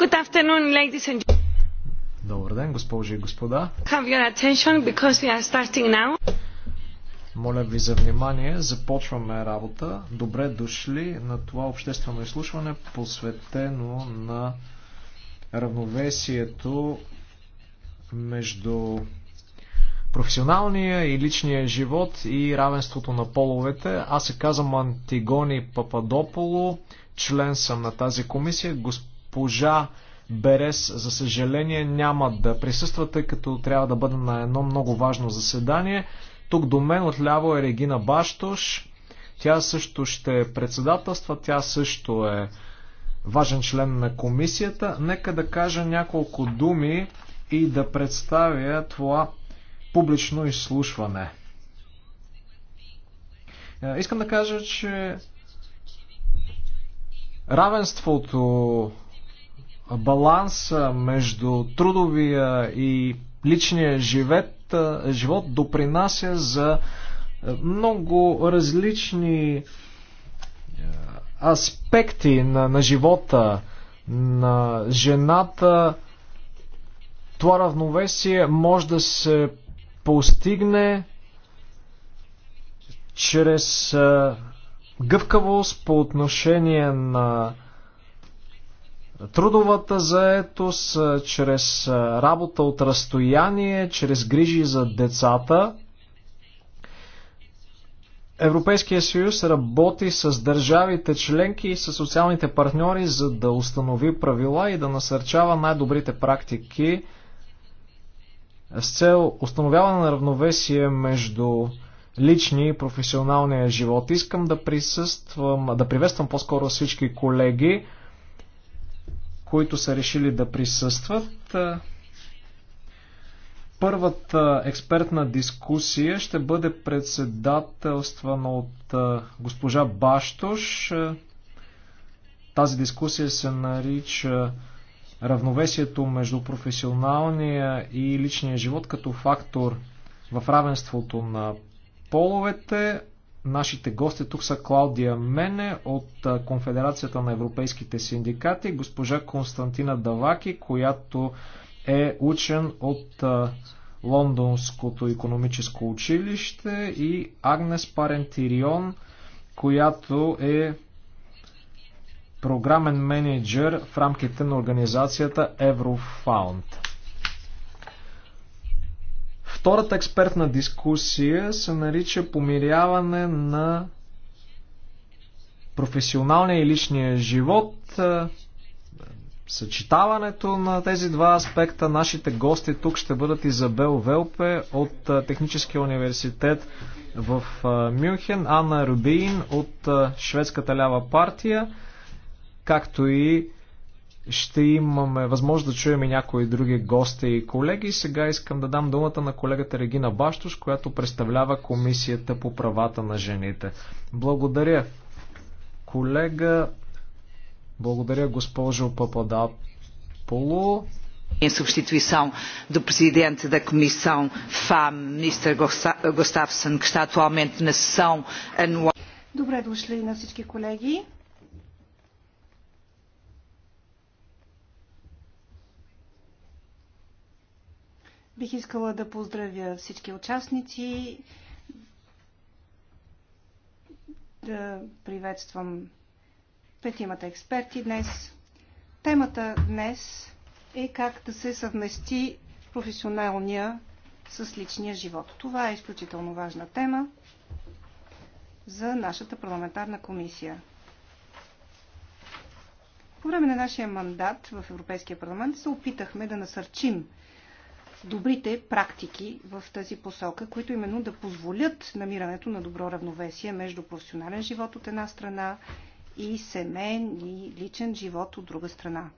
Good afternoon, ladies and Добър ден, госпожи и господа. Have your attention because we are starting now. Моля ви за внимание, започваме работа. Добре дошли на това обществено изслушване, посветено на равновесието между професионалния и личния живот и равенството на половете. Аз се казвам Антигони Пападополо, член съм на тази комисия. Госп госпожа Берес, за съжаление, няма да присъства, тъй като трябва да бъде на едно много важно заседание. Тук до мен отляво е Регина Баштош. Тя също ще председателства, тя също е важен член на комисията. Нека да кажа няколко думи и да представя това публично изслушване. Е, искам да кажа, че равенството баланса между трудовия и личния живет, живот допринася за много различни аспекти на, на живота на жената. Това равновесие може да се постигне чрез гъвкавост по отношение на трудовата заетост, чрез работа от разстояние, чрез грижи за децата. Европейския съюз работи с държавите членки и с социалните партньори, за да установи правила и да насърчава най-добрите практики с цел установяване на равновесие между лични и професионалния живот. Искам да присъствам, да приветствам по-скоро всички колеги които са решили да присъстват. Е, първата експертна дискусия ще бъде председателствана от е, госпожа Баштош. Е, тази дискусия се нарича равновесието между професионалния и личния живот като фактор в равенството на половете. Нашите гости тук са Клаудия Мене от Конфедерацията на европейските синдикати, госпожа Константина Даваки, която е учен от Лондонското економическо училище и Агнес Парентирион, която е програмен менеджер в рамките на организацията Еврофаунд. Втората експертна дискусия се нарича помиряване на професионалния и личния живот, съчетаването на тези два аспекта. Нашите гости тук ще бъдат Изабел Велпе от Техническия университет в Мюнхен, Анна Рубин от Шведската лява партия, както и ще имаме възможност да чуем и някои други гости и колеги. Сега искам да дам думата на колегата Регина Баштош, която представлява Комисията по правата на жените. Благодаря, колега. Благодаря, госпожо Пападаполо. Em substituição do presidente da Comissão FAM, Mr. Gustafsson, que está atualmente na sessão anual. Добре дошли на всички колеги. Бих искала да поздравя всички участници, да приветствам петимата експерти днес. Темата днес е как да се съвмести професионалния с личния живот. Това е изключително важна тема за нашата парламентарна комисия. По време на нашия мандат в Европейския парламент се опитахме да насърчим добрите практики в тази посока, които именно да позволят намирането на добро равновесие между професионален живот от една страна и семейен и личен живот от друга страна.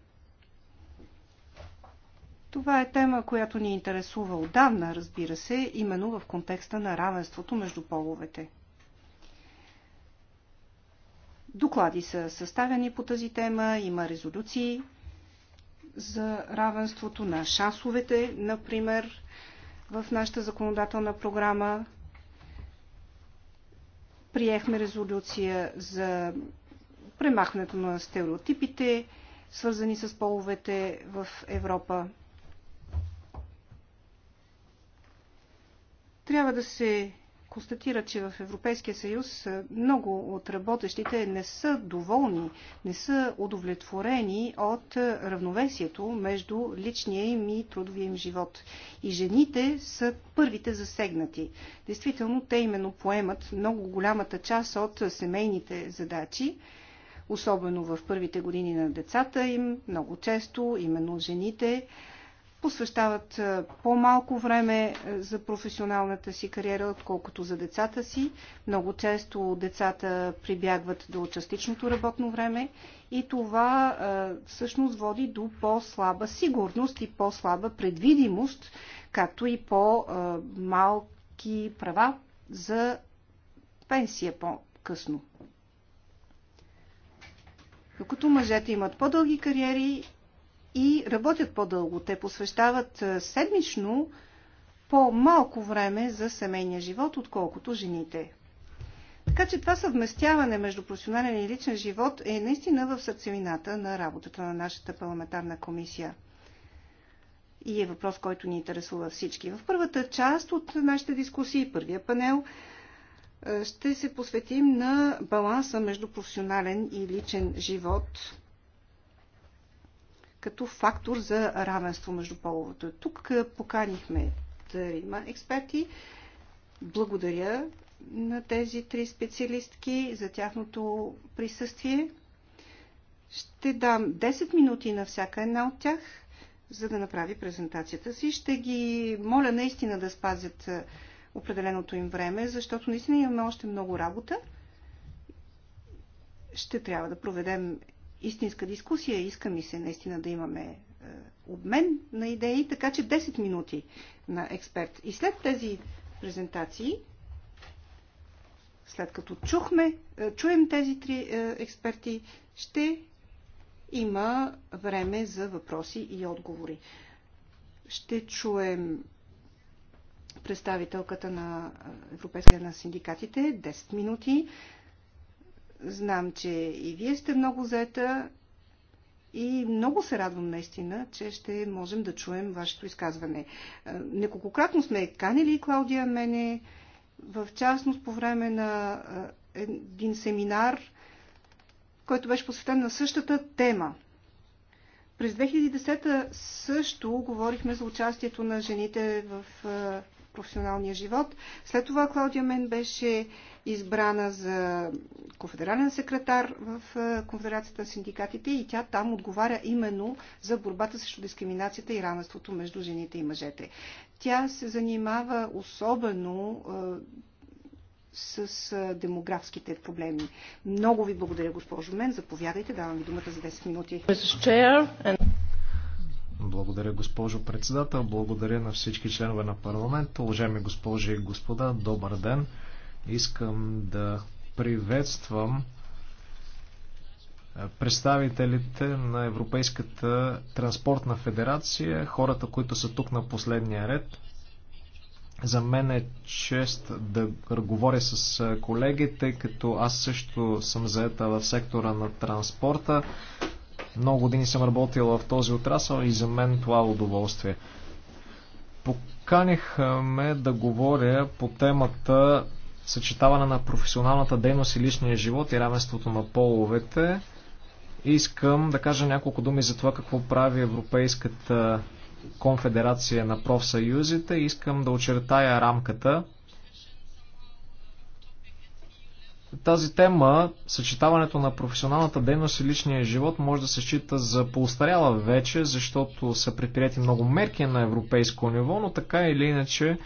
Това е тема, която ни интересува отдавна, разбира се, именно в контекста на равенството между половете. Доклади са съставени по тази тема, има резолюции – за равенството на шансовете, например, в нашата законодателна програма. Приехме резолюция за премахването на стереотипите, свързани с половете в Европа. Трябва да се констатира, че в Европейския съюз много от работещите не са доволни, не са удовлетворени от равновесието между личния им и трудовия им живот. И жените са първите засегнати. Действително, те именно поемат много голямата част от семейните задачи, особено в първите години на децата им, много често именно жените посвещават по-малко време за професионалната си кариера, отколкото за децата си. Много често децата прибягват до частичното работно време и това всъщност води до по-слаба сигурност и по-слаба предвидимост, както и по-малки права за пенсия по-късно. Докато мъжете имат по-дълги кариери, и работят по-дълго. Те посвещават е, седмично по-малко време за семейния живот, отколкото жените. Така че това съвместяване между професионален и личен живот е наистина в сърцевината на работата на нашата парламентарна комисия. И е въпрос, който ни интересува всички. В първата част от нашите дискусии, първия панел, е, ще се посветим на баланса между професионален и личен живот като фактор за равенство между половото. Тук поканихме има експерти. Благодаря на тези три специалистки за тяхното присъствие. Ще дам 10 минути на всяка една от тях, за да направи презентацията си. Ще ги моля наистина да спазят определеното им време, защото наистина имаме още много работа. Ще трябва да проведем истинска дискусия. Иска ми се наистина да имаме е, обмен на идеи, така че 10 минути на експерт. И след тези презентации, след като чухме, е, чуем тези три е, експерти, ще има време за въпроси и отговори. Ще чуем представителката на Европейския на синдикатите 10 минути. Знам, че и вие сте много заета и много се радвам наистина, че ще можем да чуем вашето изказване. Е, неколкократно сме канили Клаудия мене, в частност по време на е, един семинар, който беше посветен на същата тема. През 2010 също говорихме за участието на жените в е, професионалния живот. След това Клаудия Мен беше избрана за конфедерален секретар в е, Конфедерацията на синдикатите и тя там отговаря именно за борбата срещу дискриминацията и равенството между жените и мъжете. Тя се занимава особено е, с е, демографските проблеми. Много ви благодаря, госпожо Мен. Заповядайте, давам ви думата за 10 минути. Благодаря, госпожо председател. Благодаря на всички членове на парламента. Уважаеми госпожи и господа, добър ден. Искам да приветствам представителите на Европейската транспортна федерация, хората, които са тук на последния ред. За мен е чест да говоря с колегите, като аз също съм заета в сектора на транспорта. Много години съм работила в този отрасъл и за мен това е удоволствие. Поканихме да говоря по темата съчетаване на професионалната дейност и личния живот и равенството на половете. Искам да кажа няколко думи за това какво прави Европейската конфедерация на профсъюзите. Искам да очертая рамката. Тази тема, съчетаването на професионалната дейност и личния живот, може да се счита за поустаряла вече, защото са предприяти много мерки на европейско ниво, но така или иначе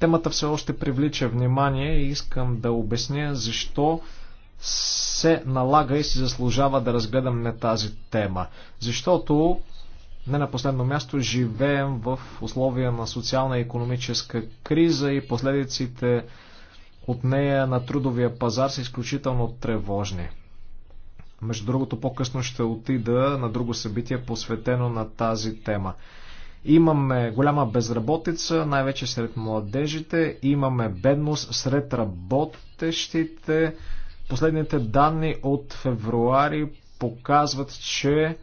Темата все още привлича внимание и искам да обясня защо се налага и си заслужава да разгледаме тази тема. Защото, не на последно място, живеем в условия на социална и економическа криза и последиците от нея на трудовия пазар са изключително тревожни. Между другото, по-късно ще отида на друго събитие, посветено на тази тема. Имаме голяма безработица, най-вече сред младежите, имаме бедност сред работещите. Последните данни от февруари показват, че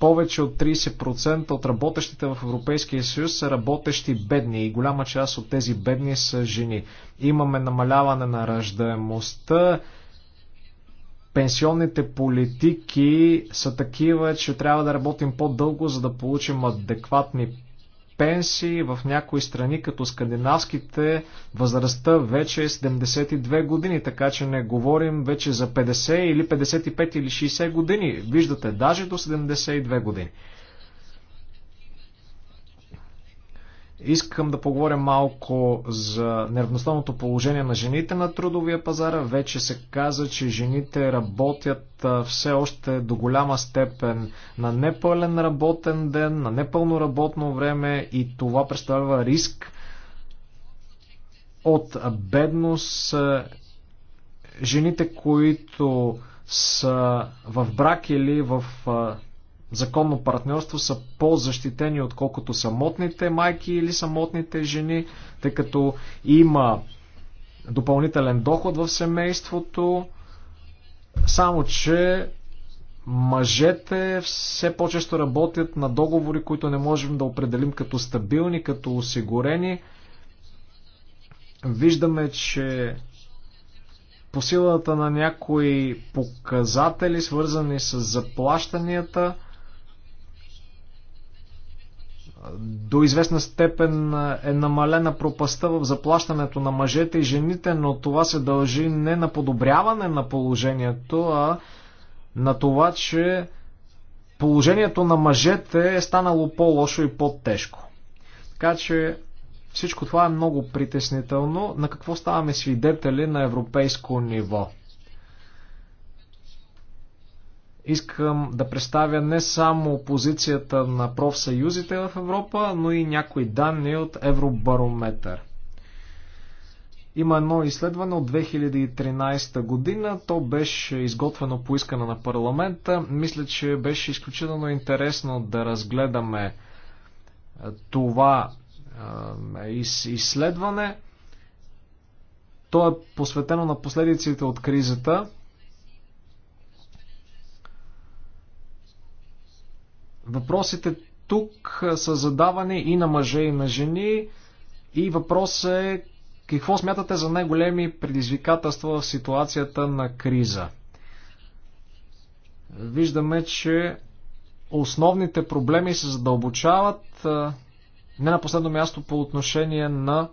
повече от 30% от работещите в Европейския съюз са работещи бедни и голяма част от тези бедни са жени. Имаме намаляване на раждаемостта, пенсионните политики са такива, че трябва да работим по-дълго, за да получим адекватни пенсии. В някои страни, като скандинавските, възрастта вече е 72 години, така че не говорим вече за 50 или 55 или 60 години. Виждате, даже до 72 години. Искам да поговоря малко за неравностойното положение на жените на трудовия пазар. Вече се каза, че жените работят все още до голяма степен на непълен работен ден, на непълно работно време и това представлява риск от бедност. Жените, които са в брак или в законно партньорство са по-защитени, отколкото самотните майки или самотните жени, тъй като има допълнителен доход в семейството, само че мъжете все по-често работят на договори, които не можем да определим като стабилни, като осигурени. Виждаме, че по силата на някои показатели, свързани с заплащанията, до известна степен е намалена пропаста в заплащането на мъжете и жените, но това се дължи не на подобряване на положението, а на това, че положението на мъжете е станало по-лошо и по-тежко. Така че всичко това е много притеснително. На какво ставаме свидетели на европейско ниво? Искам да представя не само позицията на профсъюзите в Европа, но и някои данни от Евробарометър. Има едно изследване от 2013 година. То беше изготвено по искане на парламента. Мисля, че беше изключително интересно да разгледаме е, това е, изследване. То е посветено на последиците от кризата. Въпросите тук са задавани и на мъже, и на жени. И въпросът е какво смятате за най-големи предизвикателства в ситуацията на криза? Виждаме, че основните проблеми се задълбочават не на последно място по отношение на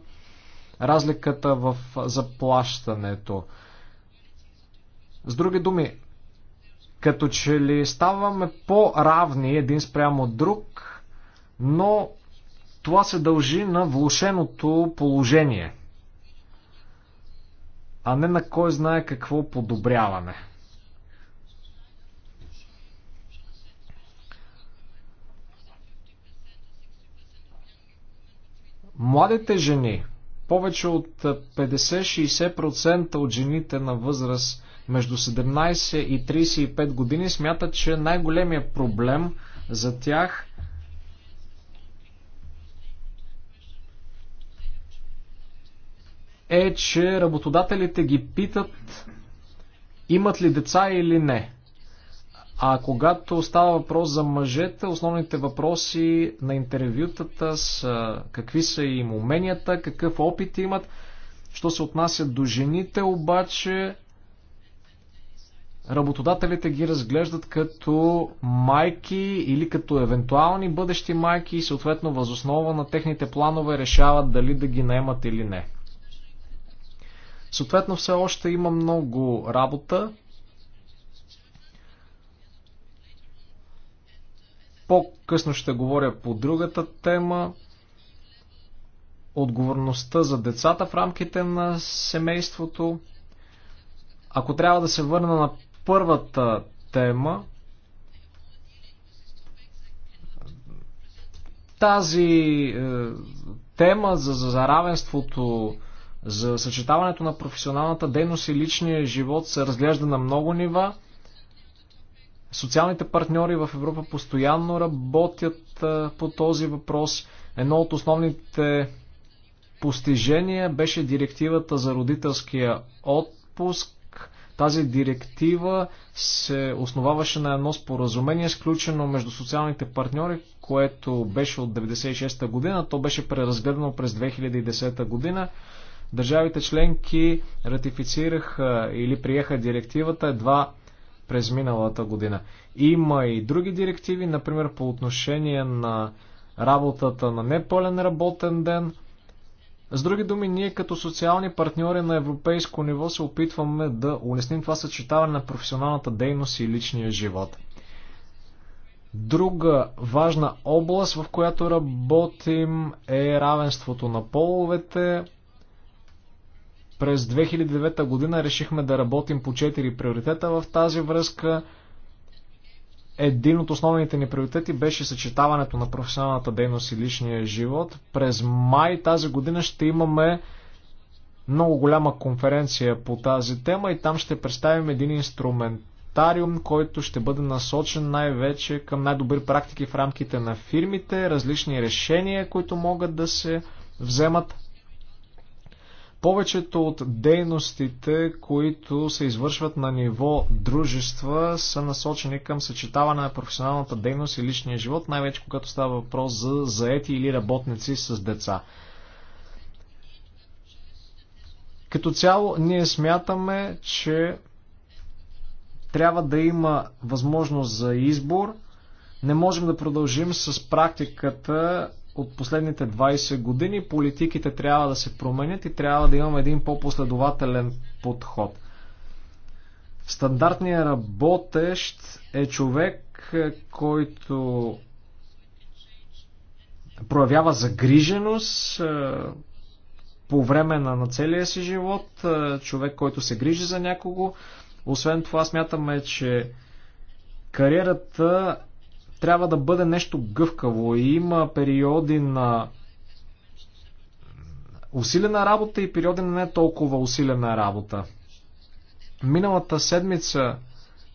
разликата в заплащането. С други думи, като че ли ставаме по-равни един спрямо друг, но това се дължи на влушеното положение, а не на кой знае какво подобряване. Младите жени, повече от 50-60% от жените на възраст между 17 и 35 години смятат, че най-големия проблем за тях е, че работодателите ги питат имат ли деца или не. А когато става въпрос за мъжете, основните въпроси на интервютата са какви са им уменията, какъв опит имат. Що се отнася до жените обаче, работодателите ги разглеждат като майки или като евентуални бъдещи майки и съответно възоснова на техните планове решават дали да ги наемат или не. Съответно все още има много работа. По-късно ще говоря по другата тема. Отговорността за децата в рамките на семейството. Ако трябва да се върна на първата тема. Тази е, тема за, за равенството, за съчетаването на професионалната дейност и личния живот се разглежда на много нива. Социалните партньори в Европа постоянно работят е, по този въпрос. Едно от основните постижения беше директивата за родителския отпуск. Тази директива се основаваше на едно споразумение, сключено между социалните партньори, което беше от 1996 година. То беше преразгледано през 2010 година. Държавите членки ратифицираха или приеха директивата едва през миналата година. Има и други директиви, например по отношение на работата на непълен работен ден – с други думи, ние като социални партньори на европейско ниво се опитваме да улесним това съчетаване на професионалната дейност и личния живот. Друга важна област, в която работим е равенството на половете. През 2009 година решихме да работим по 4 приоритета в тази връзка – един от основните ни приоритети беше съчетаването на професионалната дейност и личния живот. През май тази година ще имаме много голяма конференция по тази тема и там ще представим един инструментариум, който ще бъде насочен най-вече към най-добри практики в рамките на фирмите, различни решения, които могат да се вземат повечето от дейностите, които се извършват на ниво дружества, са насочени към съчетаване на професионалната дейност и личния живот, най-вече когато става въпрос за заети или работници с деца. Като цяло, ние смятаме, че трябва да има възможност за избор. Не можем да продължим с практиката от последните 20 години политиките трябва да се променят и трябва да имаме един по-последователен подход. Стандартният работещ е човек, който проявява загриженост е, по време на, на целия си живот, е, човек, който се грижи за някого. Освен това, смятаме, че кариерата трябва да бъде нещо гъвкаво. И има периоди на усилена работа и периоди на не толкова усилена работа. Миналата седмица,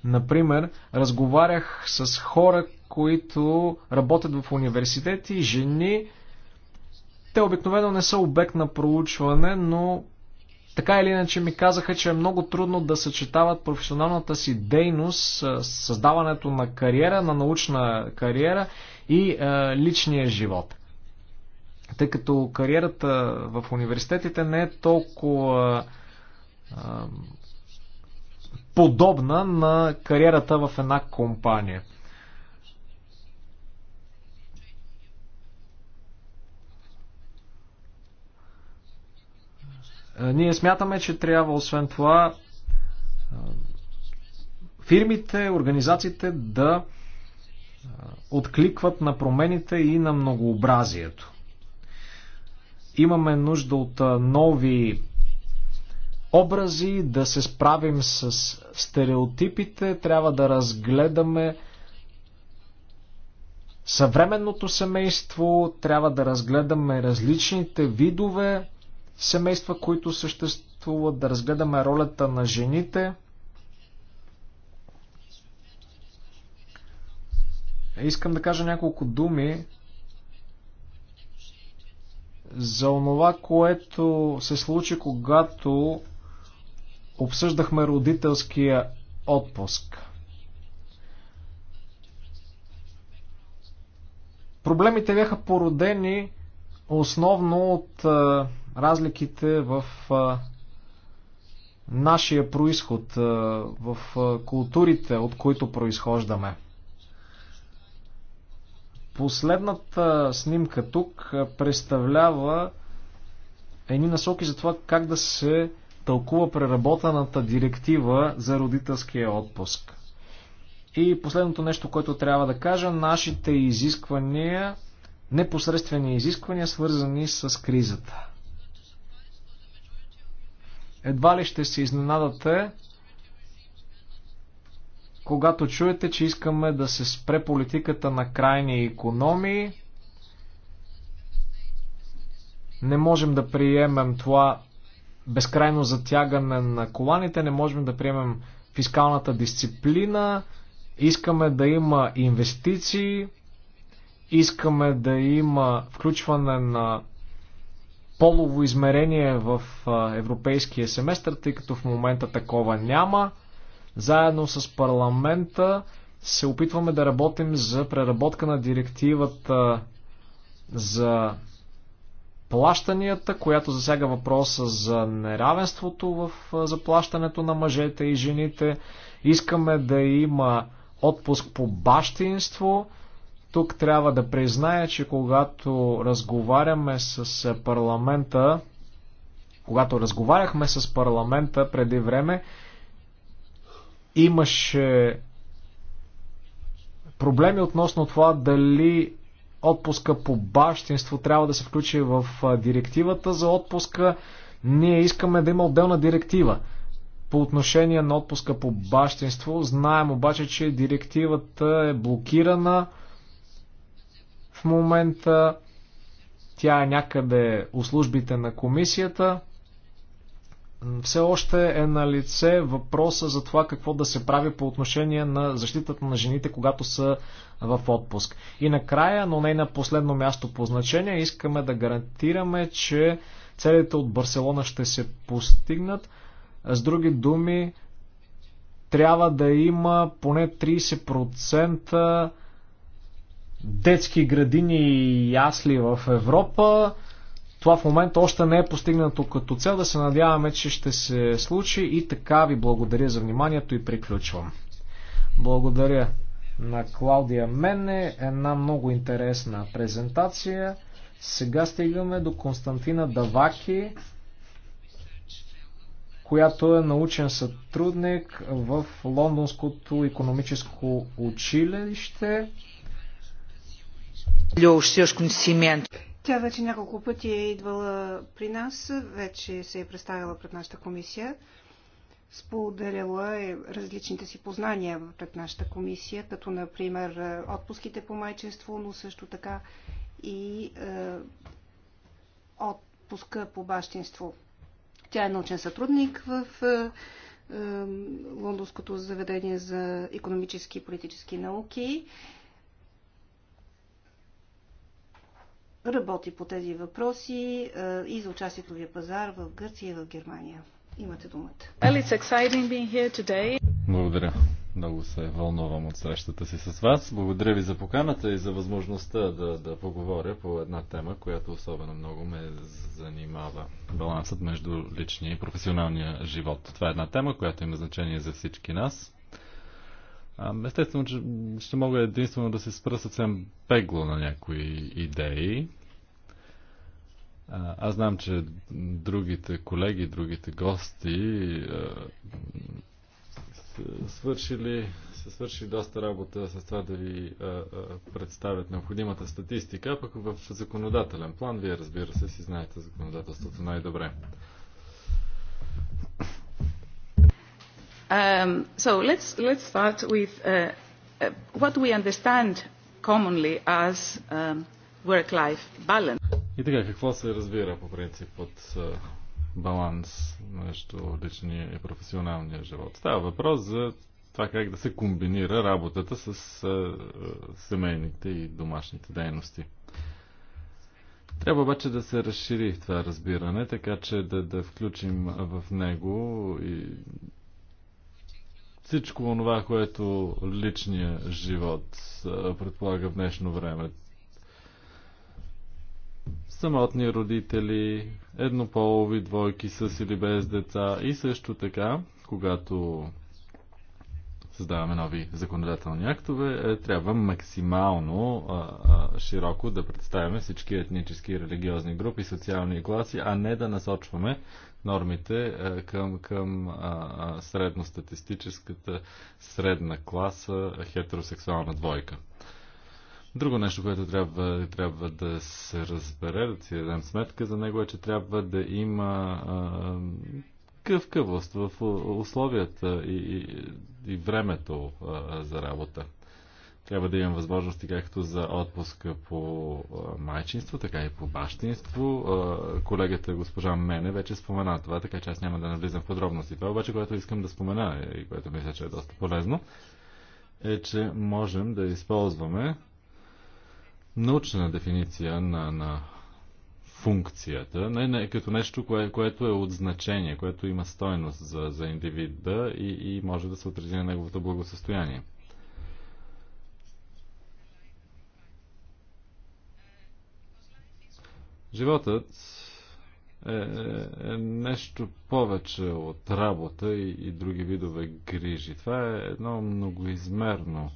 например, разговарях с хора, които работят в университети, жени. Те обикновено не са обект на проучване, но така или иначе ми казаха, че е много трудно да съчетават професионалната си дейност, създаването на кариера, на научна кариера и е, личния живот. Тъй като кариерата в университетите не е толкова е, подобна на кариерата в една компания. Ние смятаме, че трябва освен това фирмите, организациите да откликват на промените и на многообразието. Имаме нужда от нови образи, да се справим с стереотипите, трябва да разгледаме съвременното семейство, трябва да разгледаме различните видове семейства, които съществуват, да разгледаме ролята на жените. Искам да кажа няколко думи за онова, което се случи, когато обсъждахме родителския отпуск. Проблемите бяха породени основно от разликите в нашия происход, в културите, от които произхождаме. Последната снимка тук представлява едни насоки за това как да се тълкува преработената директива за родителския отпуск. И последното нещо, което трябва да кажа, нашите изисквания, непосредствени изисквания, свързани с кризата. Едва ли ще се изненадате, когато чуете, че искаме да се спре политиката на крайни економии. Не можем да приемем това безкрайно затягане на коланите, не можем да приемем фискалната дисциплина, искаме да има инвестиции, искаме да има включване на полово измерение в европейския семестър, тъй като в момента такова няма. Заедно с парламента се опитваме да работим за преработка на директивата за плащанията, която засяга въпроса за неравенството в заплащането на мъжете и жените. Искаме да има отпуск по бащинство, тук трябва да призная, че когато разговаряме с парламента, когато разговаряхме с парламента преди време, имаше проблеми относно това дали отпуска по бащинство трябва да се включи в директивата за отпуска. Ние искаме да има отделна директива. По отношение на отпуска по бащинство, знаем обаче, че директивата е блокирана момента. Тя е някъде у службите на комисията. Все още е на лице въпроса за това какво да се прави по отношение на защитата на жените, когато са в отпуск. И накрая, но не на последно място по значение, искаме да гарантираме, че целите от Барселона ще се постигнат. С други думи, трябва да има поне 30% детски градини и ясли в Европа. Това в момента още не е постигнато като цел. Да се надяваме, че ще се случи. И така ви благодаря за вниманието и приключвам. Благодаря на Клаудия Мене. Една много интересна презентация. Сега стигаме до Константина Даваки, която е научен сътрудник в Лондонското економическо училище. Тя вече няколко пъти е идвала при нас, вече се е представила пред нашата комисия. Споделяла е различните си познания пред нашата комисия, като например е, отпуските по майчество, но също така и е, отпуска по бащинство. Тя е научен сътрудник в е, е Лондонското заведение за економически и политически науки работи по тези въпроси е, и за участието ви е пазар в Гърция и в Германия. Имате думата. Благодаря. Много се вълнувам от срещата си с вас. Благодаря ви за поканата и за възможността да, да поговоря по една тема, която особено много ме занимава. Балансът между личния и професионалния живот. Това е една тема, която има значение за всички нас. Естествено, че ще мога единствено да се спра съвсем пегло на някои идеи. Аз знам, че другите колеги, другите гости са свършили, са свършили доста работа с това да ви представят необходимата статистика, пък в законодателен план, вие разбира се си знаете законодателството най-добре. Um, so let's, let's start with uh, uh, what we understand commonly as um, work-life balance. И така, какво се разбира по принцип от баланс между личния и професионалния живот? Става въпрос за това как да се комбинира работата с uh, семейните и домашните дейности. Трябва обаче да се разшири това разбиране, така че да, да включим в него и всичко това, което личния живот предполага в днешно време. Самотни родители, еднополови двойки с или без деца и също така, когато създаваме нови законодателни актове, е, трябва максимално а, а, широко да представяме всички етнически и религиозни групи, социални класи, а не да насочваме нормите а, е, към, към а, средностатистическата средна класа хетеросексуална двойка. Друго нещо, което трябва, трябва да се разбере, да си дадем сметка за него е, че трябва да има а, гъвкавост в условията и, и, и времето а, за работа. Трябва да имам възможности както за отпуска по майчинство, така и по бащинство. А, колегата госпожа Мене вече спомена това, така че аз няма да навлизам в подробности. Това обаче, което искам да спомена и което мисля, че е доста полезно, е, че можем да използваме научна дефиниция на, на функцията, не, не, като нещо, кое, което е от значение, което има стойност за, за индивида и, и може да се отрази на неговото благосъстояние. Животът е, е, е нещо повече от работа и, и други видове грижи. Това е едно многоизмерно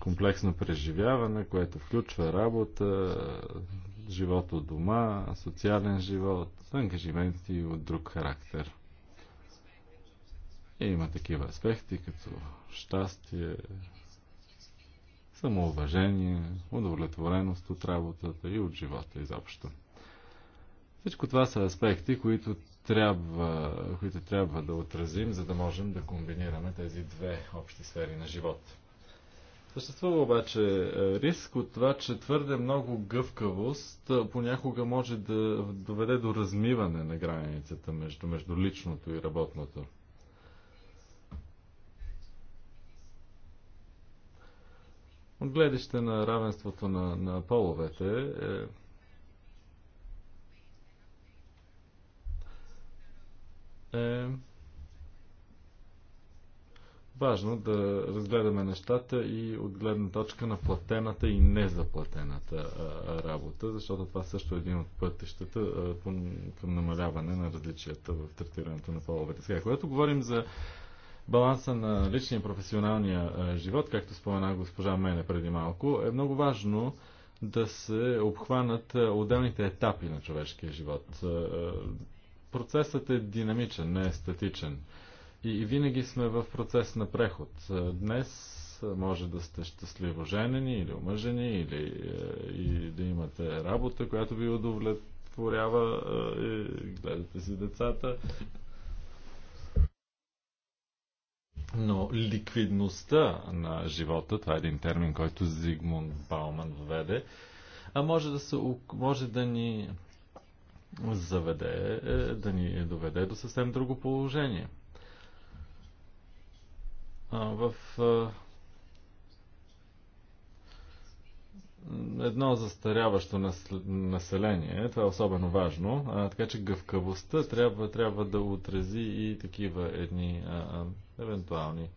комплексно преживяване, което включва работа, живот от дома, социален живот, ангажименти от друг характер. И има такива аспекти, като щастие, самоуважение, удовлетвореност от работата и от живота изобщо. Всичко това са аспекти, които трябва, които трябва да отразим, за да можем да комбинираме тези две общи сфери на живота. Съществува обаче е, риск от това, че твърде много гъвкавост е, понякога може да доведе до размиване на границата между, между личното и работното. От гледище на равенството на, на половете е... е важно да разгледаме нещата и от гледна точка на платената и незаплатената работа, защото това също е един от пътищата към намаляване на различията в третирането на половете. Сега, когато говорим за баланса на личния и професионалния живот, както спомена госпожа Мене преди малко, е много важно да се обхванат отделните етапи на човешкия живот. Процесът е динамичен, не е статичен. И винаги сме в процес на преход. Е, днес може да сте щастливо женени или омъжени, или е, и да имате работа, която ви удовлетворява, е, и гледате си децата. Но ликвидността на живота, това е един термин, който Зигмунд Бауман введе, а може да, се, може да ни заведе, да ни доведе до съвсем друго положение – в едно застаряващо население. Това е особено важно. А, така че гъвкавостта трябва, трябва да отрази и такива едни а, а, евентуални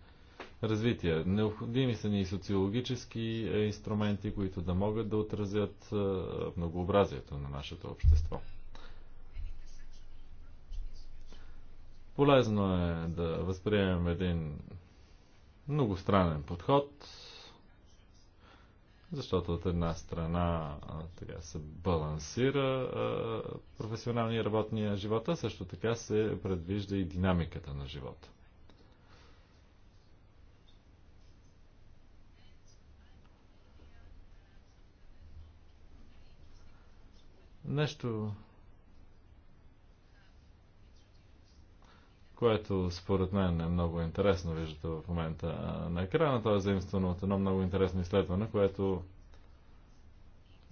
развития. Необходими са ни и социологически инструменти, които да могат да отразят многообразието на нашето общество. Полезно е да възприемем един многостранен подход, защото от една страна така се балансира професионалния работния живот, а също така се предвижда и динамиката на живота. Нещо което според мен е много интересно, виждате в момента на екрана. Това е заимствано от едно много интересно изследване, което,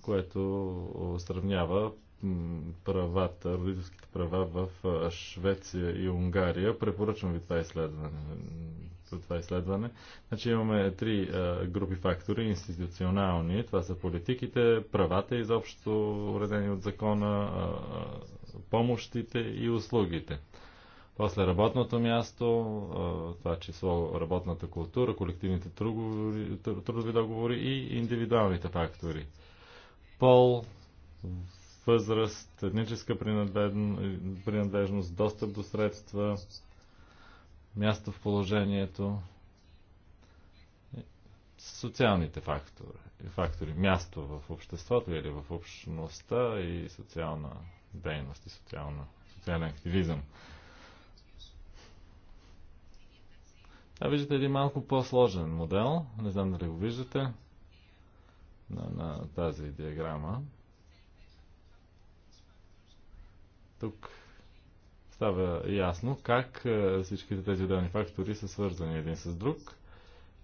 което сравнява правата, родителските права в Швеция и Унгария. Препоръчвам ви това изследване. Това изследване. Значи имаме три групи фактори. Институционални, това са политиките, правата изобщо, уредени от закона, помощите и услугите. После работното място, това число работната култура, колективните трудови, трудови договори и индивидуалните фактори. Пол, възраст, етническа принадлежност, достъп до средства, място в положението, социалните фактори, фактори място в обществото или в общността и социална дейност и социална, социален активизъм. А виждате един малко по-сложен модел. Не знам дали го виждате на, на тази диаграма. Тук става ясно как е, всичките тези отделни фактори са свързани един с друг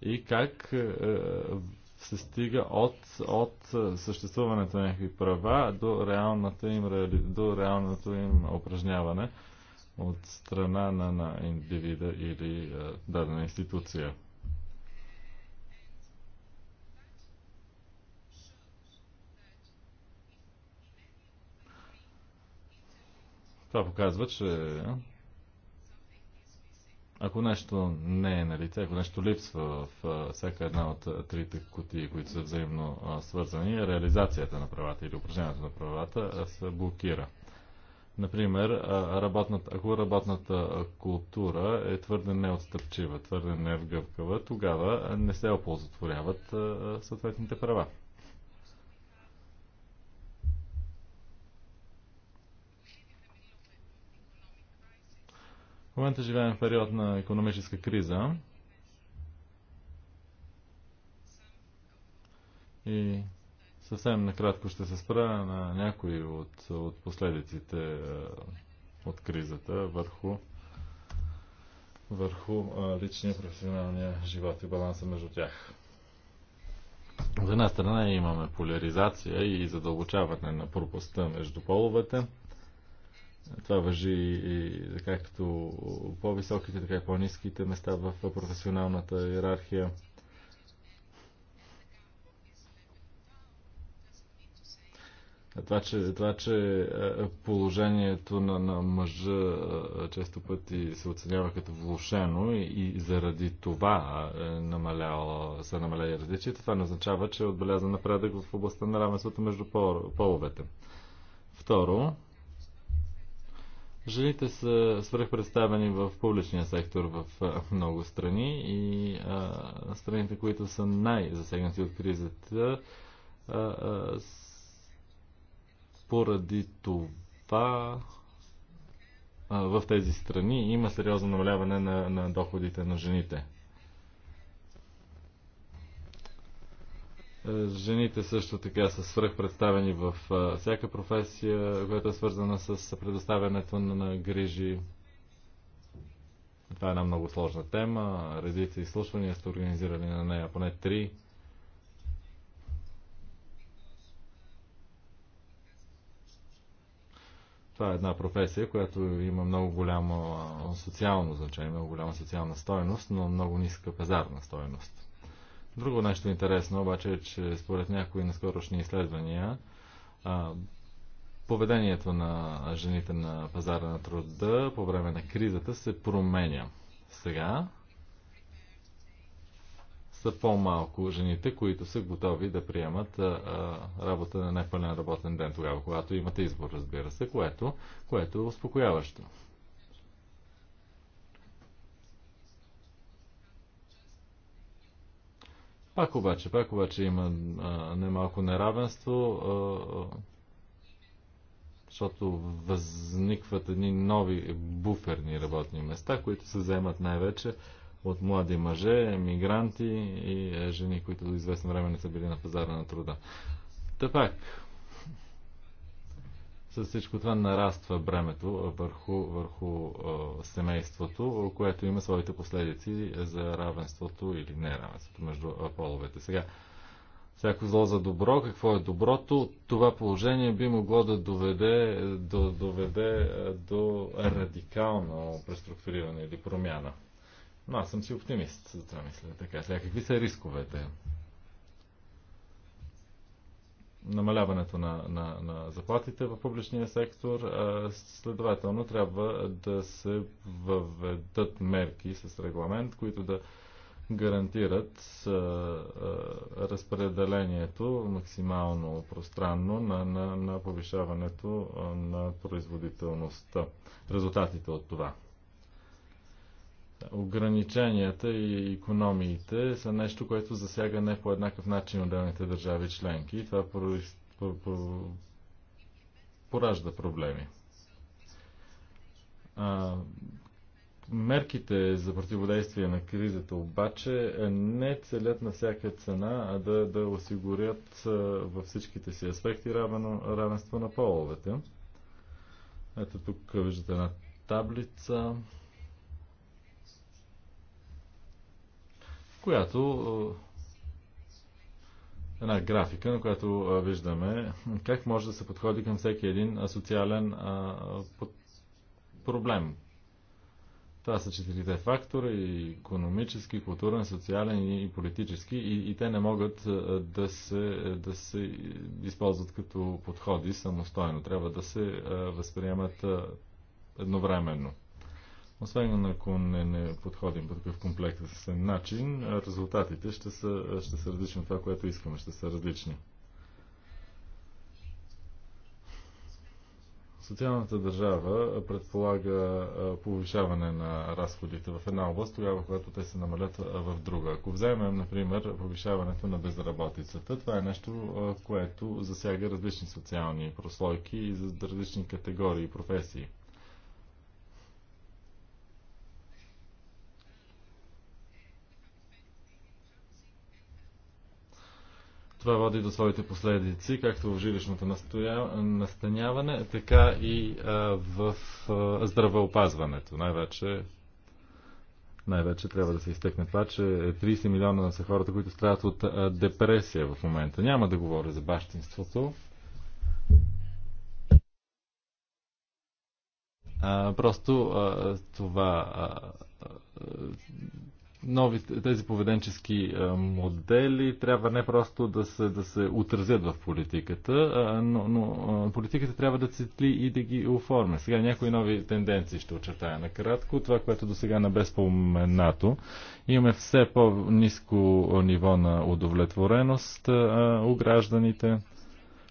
и как е, се стига от, от съществуването на някакви права до, реалната им, до реалното им упражняване от страна на, на индивида или а, е, дадена институция. Това показва, че ако нещо не е на лице, ако нещо липсва в е, всяка една от е, трите кутии, които са взаимно свързани, реализацията на правата или упражнението на правата се блокира. Например, работната, ако работната култура е твърде неотстъпчива, твърде невгъвкава, тогава не се оползотворяват съответните права. В момента живеем в период на економическа криза и Съвсем накратко ще се спра на някои от, от последиците е, от кризата върху върху е, личния професионалния живот и баланса между тях. От една страна имаме поляризация и задълбочаване на пропаста между половете. Това въжи и както по-високите, така и по-низките места в професионалната иерархия. Това, че, това, че е, е, положението на, на мъжа е, често пъти се оценява като влушено и, и заради това е намаляло, са намаляли различията, това не означава, че е отбелязан напредък в областта на равенството между половете. Второ, жените са свръхпредставени в публичния сектор в много страни и а, страните, които са най-засегнати от кризата, а, а, поради това в тези страни има сериозно намаляване на, на доходите на жените. Е, жените също така са свръхпредставени в всяка професия, която е свързана с предоставянето на грижи. Това е една много сложна тема. Редица изслушвания сте организирали на нея, поне три. Това е една професия, която има много голямо социално значение, много голяма социална стоеност, но много ниска пазарна стоеност. Друго нещо интересно обаче е, че според някои наскорошни изследвания поведението на жените на пазара на труда по време на кризата се променя. Сега са по-малко жените, които са готови да приемат а, работа на непълен работен ден тогава, когато имате избор, разбира се, което, което е успокояващо. Пак обаче, пак обаче има а, немалко неравенство, а, защото възникват едни нови буферни работни места, които се вземат най-вече от млади мъже, мигранти и е, жени, които до известно време не са били на пазара на труда. Та пак, с всичко това нараства бремето върху, върху е, семейството, което има своите последици за равенството или неравенството между половете. Сега, всяко зло за добро, какво е доброто, това положение би могло да доведе, да доведе до радикално преструктуриране или промяна. Но аз съм си оптимист, За това мисля така. Сега, какви са рисковете? намаляването на, на, на заплатите в публичния сектор, а, следователно трябва да се въведат мерки с регламент, които да гарантират а, а, разпределението максимално пространно на, на, на повишаването на производителността, резултатите от това ограниченията и економиите са нещо, което засяга не по еднакъв начин отделните държави членки това поражда проблеми. А, мерките за противодействие на кризата обаче не целят на всяка цена а да, да осигурят във всичките си аспекти равен, равенство на половете. Ето тук виждате една таблица. която е, една графика, на която е, виждаме как може да се подходи към всеки един е, социален проблем. Това са четирите фактора и економически, културен, социален и политически и, и те не могат да се, да се използват като подходи самостойно. Трябва да се възприемат едновременно. Освен ако не, не подходим по такъв комплексен начин, резултатите ще са, ще са различни от това, което искаме, ще са различни. Социалната държава предполага повишаване на разходите в една област, тогава когато те се намалят в друга. Ако вземем, например, повишаването на безработицата, това е нещо, което засяга различни социални прослойки и за различни категории и професии. Това води до своите последици, както в жилищното настаняване, така и а, в а, здравеопазването. Най-вече най-вече трябва да се изтъкне това, че 30 е милиона са хората, които страдат от а, депресия в момента. Няма да говоря за бащинството. А, просто а, това а, новите, тези поведенчески модели трябва не просто да се, да се отразят в политиката, но, но политиката трябва да цитли и да ги оформя. Сега някои нови тенденции ще очертая накратко. Това, което до сега не бе споменато. Имаме все по-низко ниво на удовлетвореност у гражданите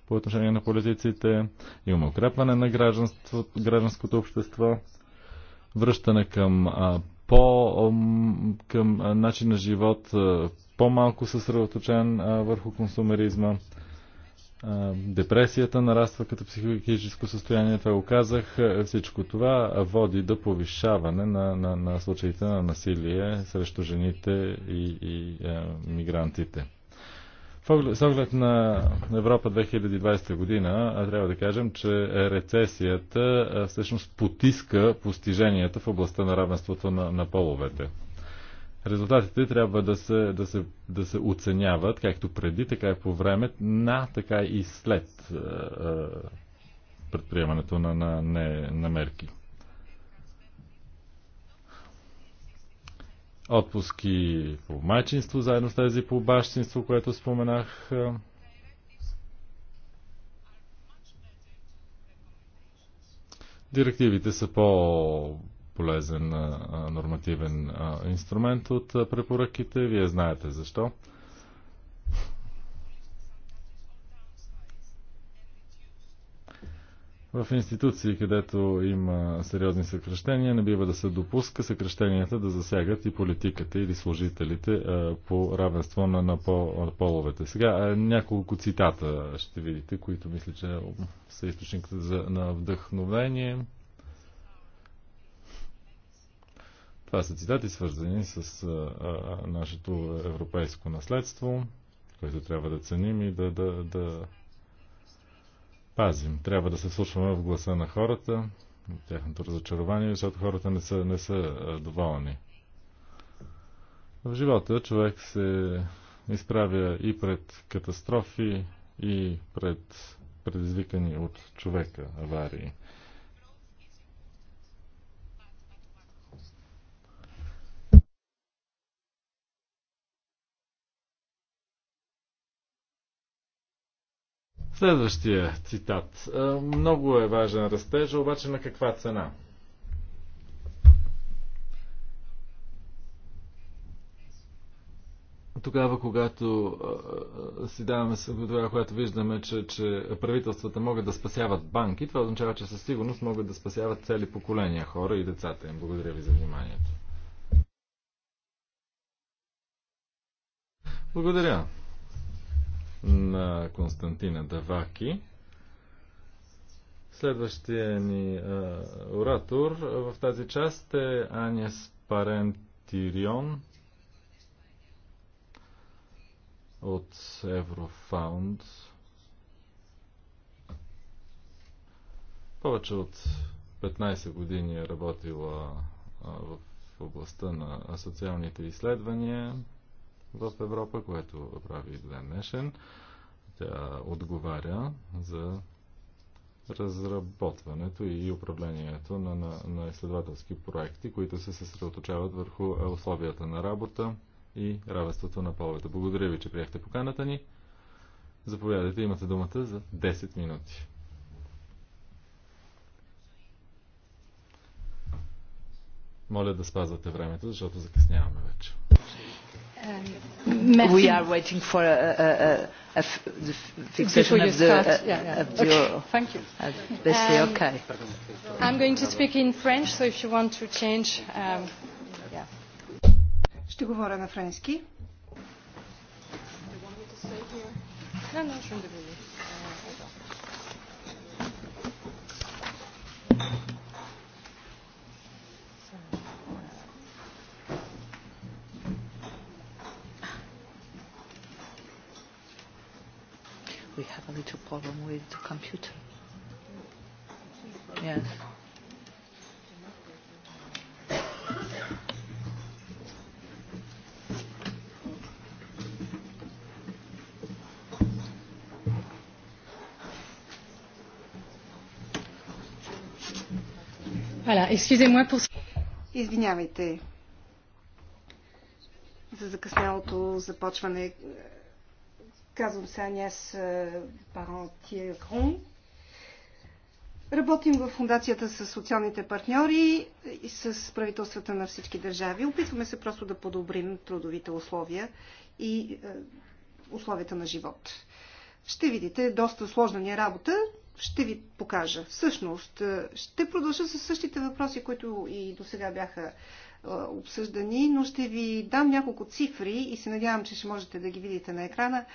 по отношение на политиците. Имаме укрепване на гражданското общество, връщане към по, към начин на живот по-малко съсредоточен върху консумеризма. Депресията нараства като психологическо състояние, това го казах. Всичко това води до повишаване на, на, на случаите на насилие срещу жените и, и е, мигрантите. С оглед на Европа 2020 година, трябва да кажем, че рецесията всъщност потиска постиженията в областта на равенството на, на половете. Резултатите трябва да се, да, се, да се оценяват както преди, така и по време, на така и след предприемането на, на, на, на мерки. отпуски по майчинство, заедно с тези по бащинство, което споменах. Директивите са по полезен нормативен инструмент от препоръките. Вие знаете защо. В институции, където има сериозни съкръщения, не бива да се допуска съкръщенията да засягат и политиката или служителите по равенство на, на половете. Сега няколко цитата ще видите, които мисля, че са източник за, на вдъхновение. Това са цитати, свързани с а, нашето европейско наследство, което трябва да ценим и да, да, да пазим. Трябва да се слушаме в гласа на хората, тяхното разочарование, защото хората не са, не са доволни. В живота човек се изправя и пред катастрофи, и пред предизвикани от човека аварии. Следващия цитат. Много е важен растежа обаче на каква цена? тогава, когато а, си даваме тогава, когато виждаме, че, че правителствата могат да спасяват банки, това означава, че със сигурност могат да спасяват цели поколения хора и децата им. Благодаря ви за вниманието. Благодаря на Константина Даваки. Следващия ни а, оратор в тази част е Анис Парентирион от Еврофаунд. Повече от 15 години е работила а, в областта на социалните изследвания в Европа, което прави ден днешен. Тя отговаря за разработването и управлението на, на, на изследователски проекти, които се съсредоточават върху условията на работа и равенството на половете. Благодаря ви, че приехте поканата ни. Заповядайте, имате думата за 10 минути. Моля да спазвате времето, защото закъсняваме вече. Merci. We are waiting for a, a, a, a the fixation of the, start, uh, Of the okay. Thank you. Uh, um, okay. I'm going to speak in French, so if you want to change, um, yeah. Ще говоря на френски. No, no, je ne a little problem with the computer. Yes. Voilà, excusez-moi pour... Извинявайте за закъснялото започване. Казвам се Аняс Парантиерон. Работим в фундацията с социалните партньори и с правителствата на всички държави. Опитваме се просто да подобрим трудовите условия и условията на живот. Ще видите, доста сложна ни е работа. Ще ви покажа. Всъщност, ще продължа с същите въпроси, които и до сега бяха обсъждани, но ще ви дам няколко цифри и се надявам, че ще можете да ги видите на екрана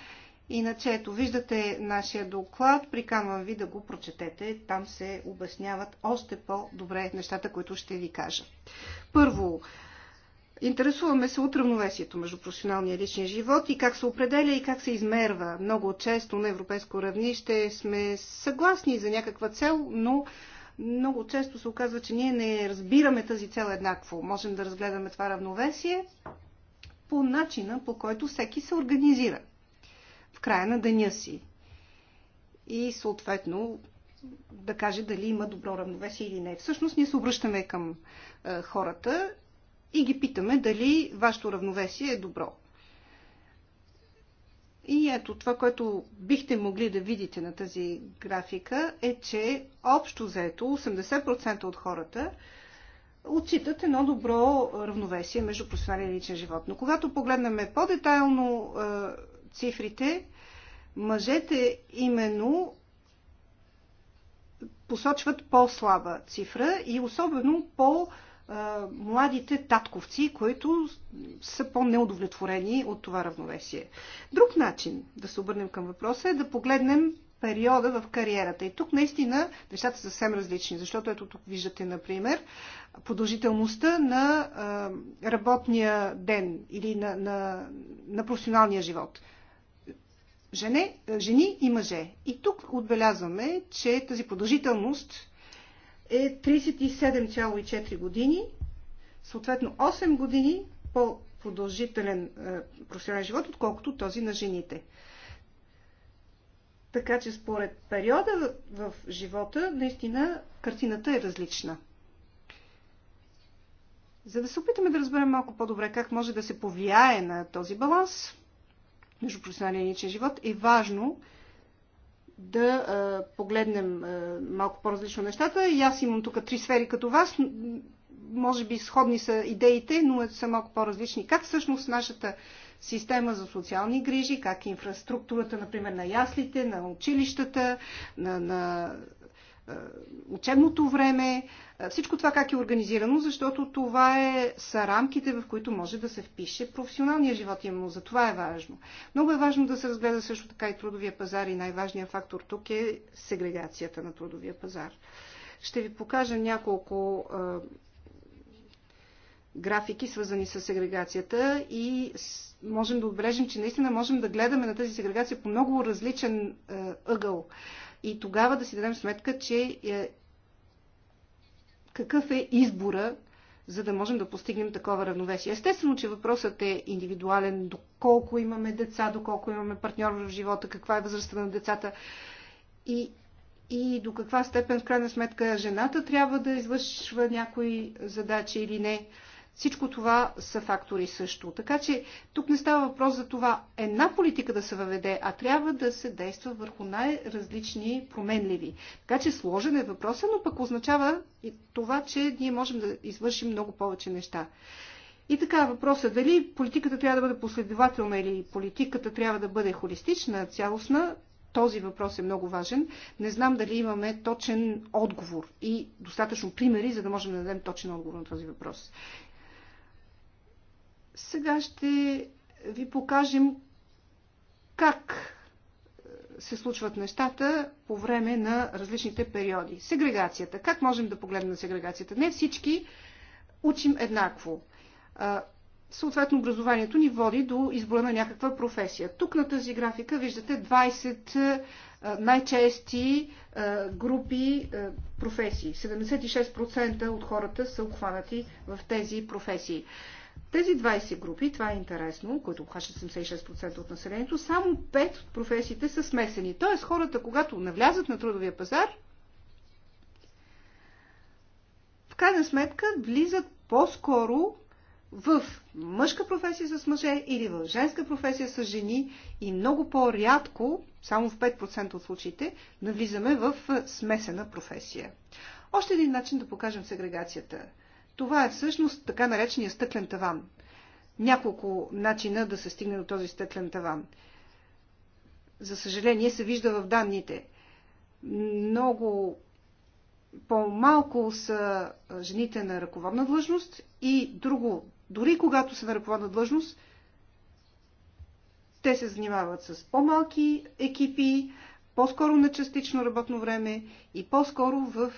Иначе, ето, виждате нашия доклад, приканвам ви да го прочетете. Там се обясняват още по-добре нещата, които ще ви кажа. Първо, Интересуваме се от равновесието между професионалния и личния живот и как се определя и как се измерва. Много често на европейско равнище сме съгласни за някаква цел, но много често се оказва, че ние не разбираме тази цел еднакво. Можем да разгледаме това равновесие по начина, по който всеки се организира в края на деня си. И съответно да каже дали има добро равновесие или не. Всъщност ние се обръщаме към е, хората и ги питаме дали вашето равновесие е добро. И ето това, което бихте могли да видите на тази графика е, че общо заето 80% от хората отчитат едно добро равновесие между професионален и личен живот. Но когато погледнем по-детайлно е, цифрите, мъжете именно посочват по-слаба цифра и особено по младите татковци, които са по-неудовлетворени от това равновесие. Друг начин да се обърнем към въпроса е да погледнем периода в кариерата. И тук наистина нещата са съвсем различни, защото ето тук виждате, например, продължителността на работния ден или на, на, на професионалния живот – жене, е, жени и мъже. И тук отбелязваме, че тази продължителност е 37,4 години, съответно 8 години по-продължителен е, професионален живот, отколкото този на жените. Така че според периода в живота, наистина картината е различна. За да се опитаме да разберем малко по-добре как може да се повлияе на този баланс, между професионалния и личен живот, е важно да а, погледнем а, малко по-различно нещата. И аз имам тук три сфери като вас. Може би сходни са идеите, но е- са малко по-различни. Как всъщност нашата система за социални грижи, как инфраструктурата, например, на яслите, на училищата, на, на е, учебното време, е, всичко това как е организирано, защото това е, са рамките, в които може да се впише професионалния живот но За това е важно. Много е важно да се разгледа също така и трудовия пазар и най-важният фактор тук е сегрегацията на трудовия пазар. Ще ви покажа няколко е, графики, свързани с сегрегацията и с, можем да отбележим, че наистина можем да гледаме на тази сегрегация по много различен е, ъгъл и тогава да си дадем сметка, че е, какъв е избора, за да можем да постигнем такова равновесие. Естествено, че въпросът е индивидуален, доколко имаме деца, доколко имаме партньор в живота, каква е възрастта на децата и, и до каква степен, в крайна сметка, жената трябва да извършва някои задачи или не. Всичко това са фактори също. Така че тук не става въпрос за това една политика да се въведе, а трябва да се действа върху най-различни променливи. Така че сложен е въпросът, но пък означава и това, че ние можем да извършим много повече неща. И така, въпросът е дали политиката трябва да бъде последователна или политиката трябва да бъде холистична, цялостна, този въпрос е много важен. Не знам дали имаме точен отговор и достатъчно примери, за да можем да дадем точен отговор на този въпрос. Сега ще ви покажем как е, се случват нещата по време на различните периоди. Сегрегацията. Как можем да погледнем на сегрегацията? Не всички учим еднакво. Е, съответно, образованието ни води до избора на някаква професия. Тук на тази графика виждате 20 е, най-чести групи професии. 76% от хората са обхванати в тези професии. Тези 20 групи, това е интересно, които обхващат 76% от населението, само 5 от професиите са смесени. Тоест хората, когато навлязат на трудовия пазар, в крайна сметка влизат по-скоро в мъжка професия с мъже или в женска професия с жени и много по-рядко, само в 5% от случаите, навлизаме в смесена професия. Още един начин да покажем сегрегацията – това е всъщност така наречения стъклен таван. Няколко начина да се стигне до този стъклен таван. За съжаление се вижда в данните. Много по-малко са жените на ръководна длъжност и друго, дори когато са на ръководна длъжност, те се занимават с по-малки екипи, по-скоро на частично работно време и по-скоро в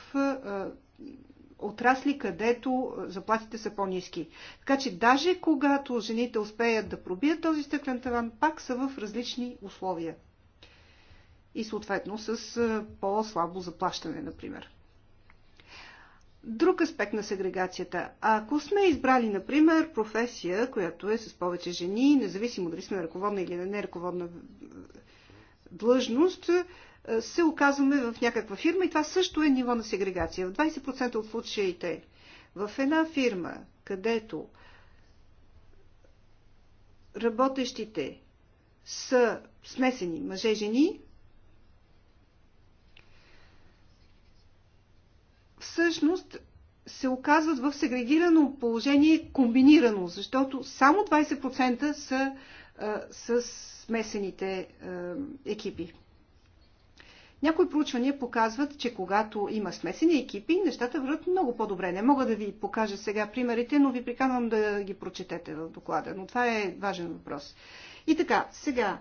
отрасли, където заплатите са по-низки. Така че даже когато жените успеят да пробият този стъклен таван, пак са в различни условия. И съответно с по-слабо заплащане, например. Друг аспект на сегрегацията. Ако сме избрали, например, професия, която е с повече жени, независимо дали сме на ръководна или на ръководна длъжност, се оказваме в някаква фирма и това също е ниво на сегрегация. В 20% от случаите в една фирма, където работещите са смесени мъже и жени, всъщност се оказват в сегрегирано положение комбинирано, защото само 20% са а, с смесените а, екипи. Някои проучвания показват, че когато има смесени екипи, нещата върват много по-добре. Не мога да ви покажа сега примерите, но ви приканвам да ги прочетете в доклада. Но това е важен въпрос. И така, сега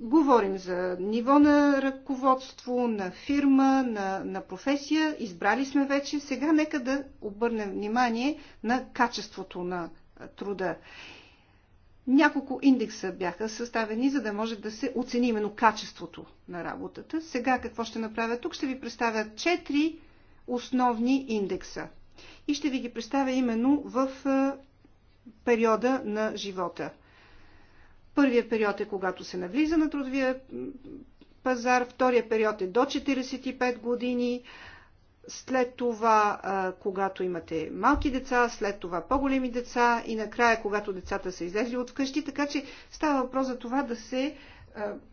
говорим за ниво на ръководство, на фирма, на, на професия. Избрали сме вече. Сега нека да обърнем внимание на качеството на труда. Няколко индекса бяха съставени, за да може да се оцени именно качеството на работата. Сега какво ще направя тук? Ще ви представя четири основни индекса. И ще ви ги представя именно в е, периода на живота. Първият период е когато се навлиза на трудовия пазар, втория период е до 45 години, след това, когато имате малки деца, след това по-големи деца и накрая, когато децата са излезли от къщи. така че става въпрос за това да се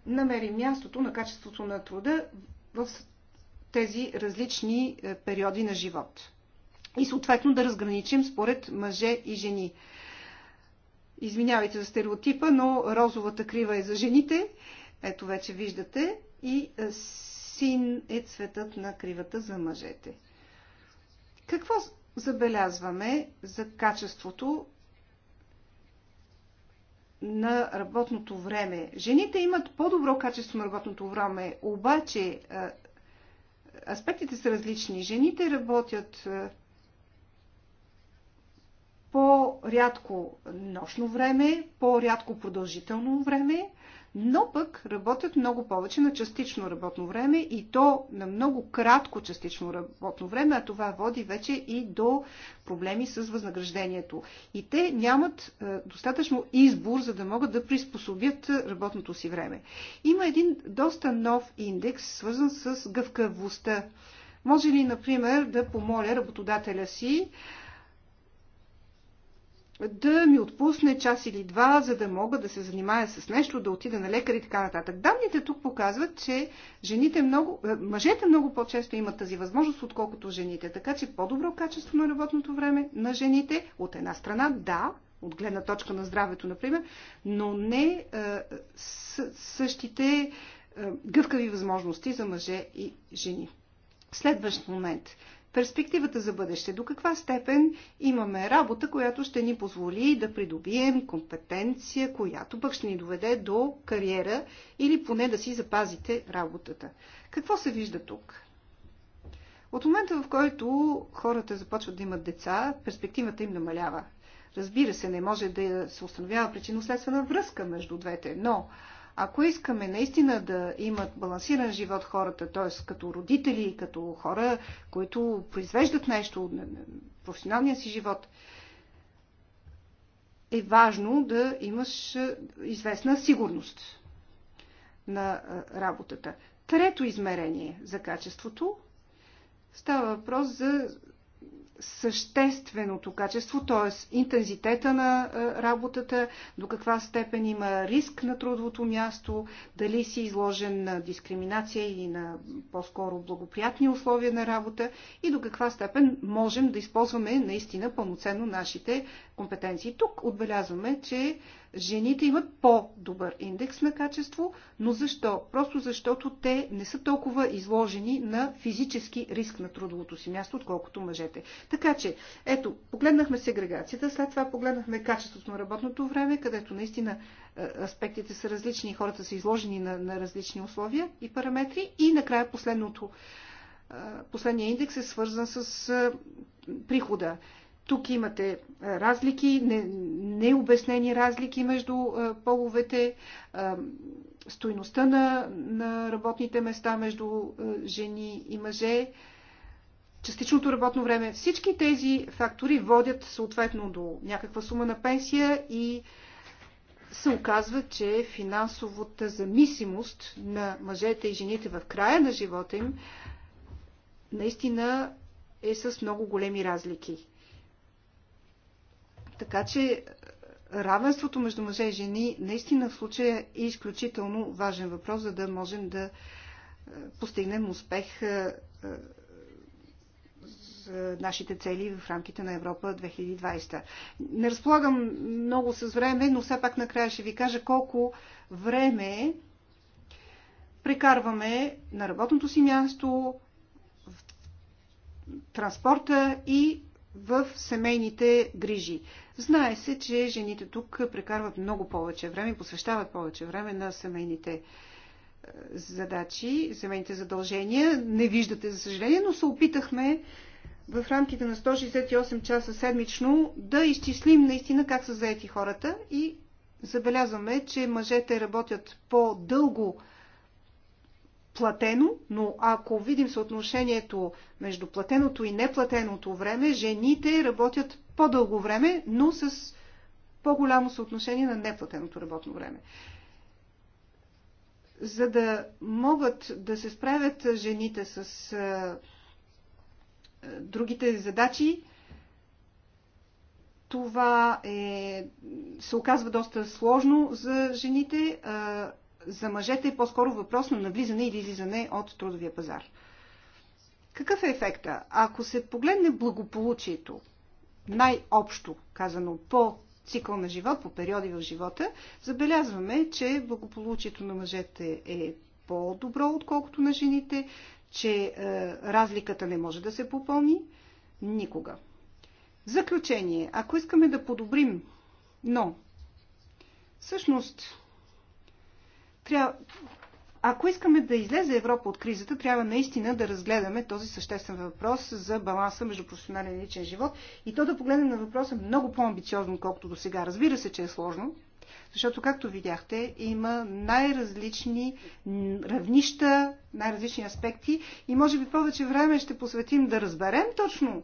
намери мястото на качеството на труда в тези различни периоди на живот. И съответно да разграничим според мъже и жени. Извинявайте за стереотипа, но розовата крива е за жените. Ето вече виждате. И син е цветът на кривата за мъжете. Какво забелязваме за качеството на работното време? Жените имат по-добро качество на работното време, обаче аспектите са различни. Жените работят по-рядко нощно време, по-рядко продължително време, но пък работят много повече на частично работно време и то на много кратко частично работно време, а това води вече и до проблеми с възнаграждението. И те нямат е, достатъчно избор, за да могат да приспособят е, работното си време. Има един доста нов индекс, свързан с гъвкавостта. Може ли, например, да помоля работодателя си да ми отпусне час или два, за да мога да се занимая с нещо, да отида на лекар и така нататък. Данните тук показват, че жените много, е, мъжете много по-често имат тази възможност, отколкото жените. Така че по-добро качество на работното време на жените, от една страна, да, от гледна точка на здравето, например, но не а, е, същите а, е, гъвкави възможности за мъже и жени. Следващ момент перспективата за бъдеще. До каква степен имаме работа, която ще ни позволи да придобием компетенция, която пък ще ни доведе до кариера или поне да си запазите работата. Какво се вижда тук? От момента, в който хората започват да имат деца, перспективата им намалява. Разбира се, не може да се установява причинно-следствена връзка между двете, но ако искаме наистина да имат балансиран живот хората, т.е. като родители, като хора, които произвеждат нещо от професионалния си живот, е важно да имаш известна сигурност на работата. Трето измерение за качеството става въпрос за същественото качество, т.е. интензитета на работата, до каква степен има риск на трудовото място, дали си изложен на дискриминация или на по-скоро благоприятни условия на работа и до каква степен можем да използваме наистина пълноценно нашите компетенции. Тук отбелязваме, че Жените имат по-добър индекс на качество, но защо? Просто защото те не са толкова изложени на физически риск на трудовото си място, отколкото мъжете. Така че, ето, погледнахме сегрегацията, след това погледнахме качеството на работното време, където наистина е, аспектите са различни, хората са изложени на, на различни условия и параметри. И накрая последното е, последния индекс е свързан с е, прихода. Тук имате е, разлики, необяснени не разлики между е, половете, е, стойността на, на работните места между жени и мъже, частичното работно време. Всички тези фактори водят съответно до някаква сума на пенсия и се оказва, че финансовата замисимост на мъжете и жените в края на живота им наистина е с много големи разлики. Така че е, равенството между мъже и жени наистина в случая е изключително важен въпрос, за да можем да е, постигнем успех е, за нашите цели в рамките на Европа 2020. Не разполагам много с време, но все пак накрая ще ви кажа колко време прекарваме на работното си място, в транспорта и в семейните грижи. Знае се, че жените тук прекарват много повече време, посвещават повече време на семейните е, задачи, семейните задължения. Не виждате, за съжаление, но се опитахме в рамките на 168 часа седмично да изчислим наистина как са заети хората и забелязваме, че мъжете работят по-дълго платено, но ако видим съотношението между платеното и неплатеното време, жените работят по-дълго време, но с по-голямо съотношение на неплатеното работно време. За да могат да се справят жените с а, другите задачи, това е, се оказва доста сложно за жените. А, за мъжете е по-скоро въпрос на навлизане или излизане от трудовия пазар. Какъв е ефекта? Ако се погледне благополучието, най-общо казано по цикъл на живот, по периоди в живота, забелязваме, че благополучието на мъжете е по-добро, отколкото на жените, че е, разликата не може да се попълни никога. В заключение, ако искаме да подобрим, но всъщност трябва, ако искаме да излезе Европа от кризата, трябва наистина да разгледаме този съществен въпрос за баланса между професионален и личен живот и то да погледнем на въпроса много по-амбициозно, колкото до сега. Разбира се, че е сложно, защото, както видяхте, има най-различни равнища, най-различни аспекти и може би повече време ще посветим да разберем точно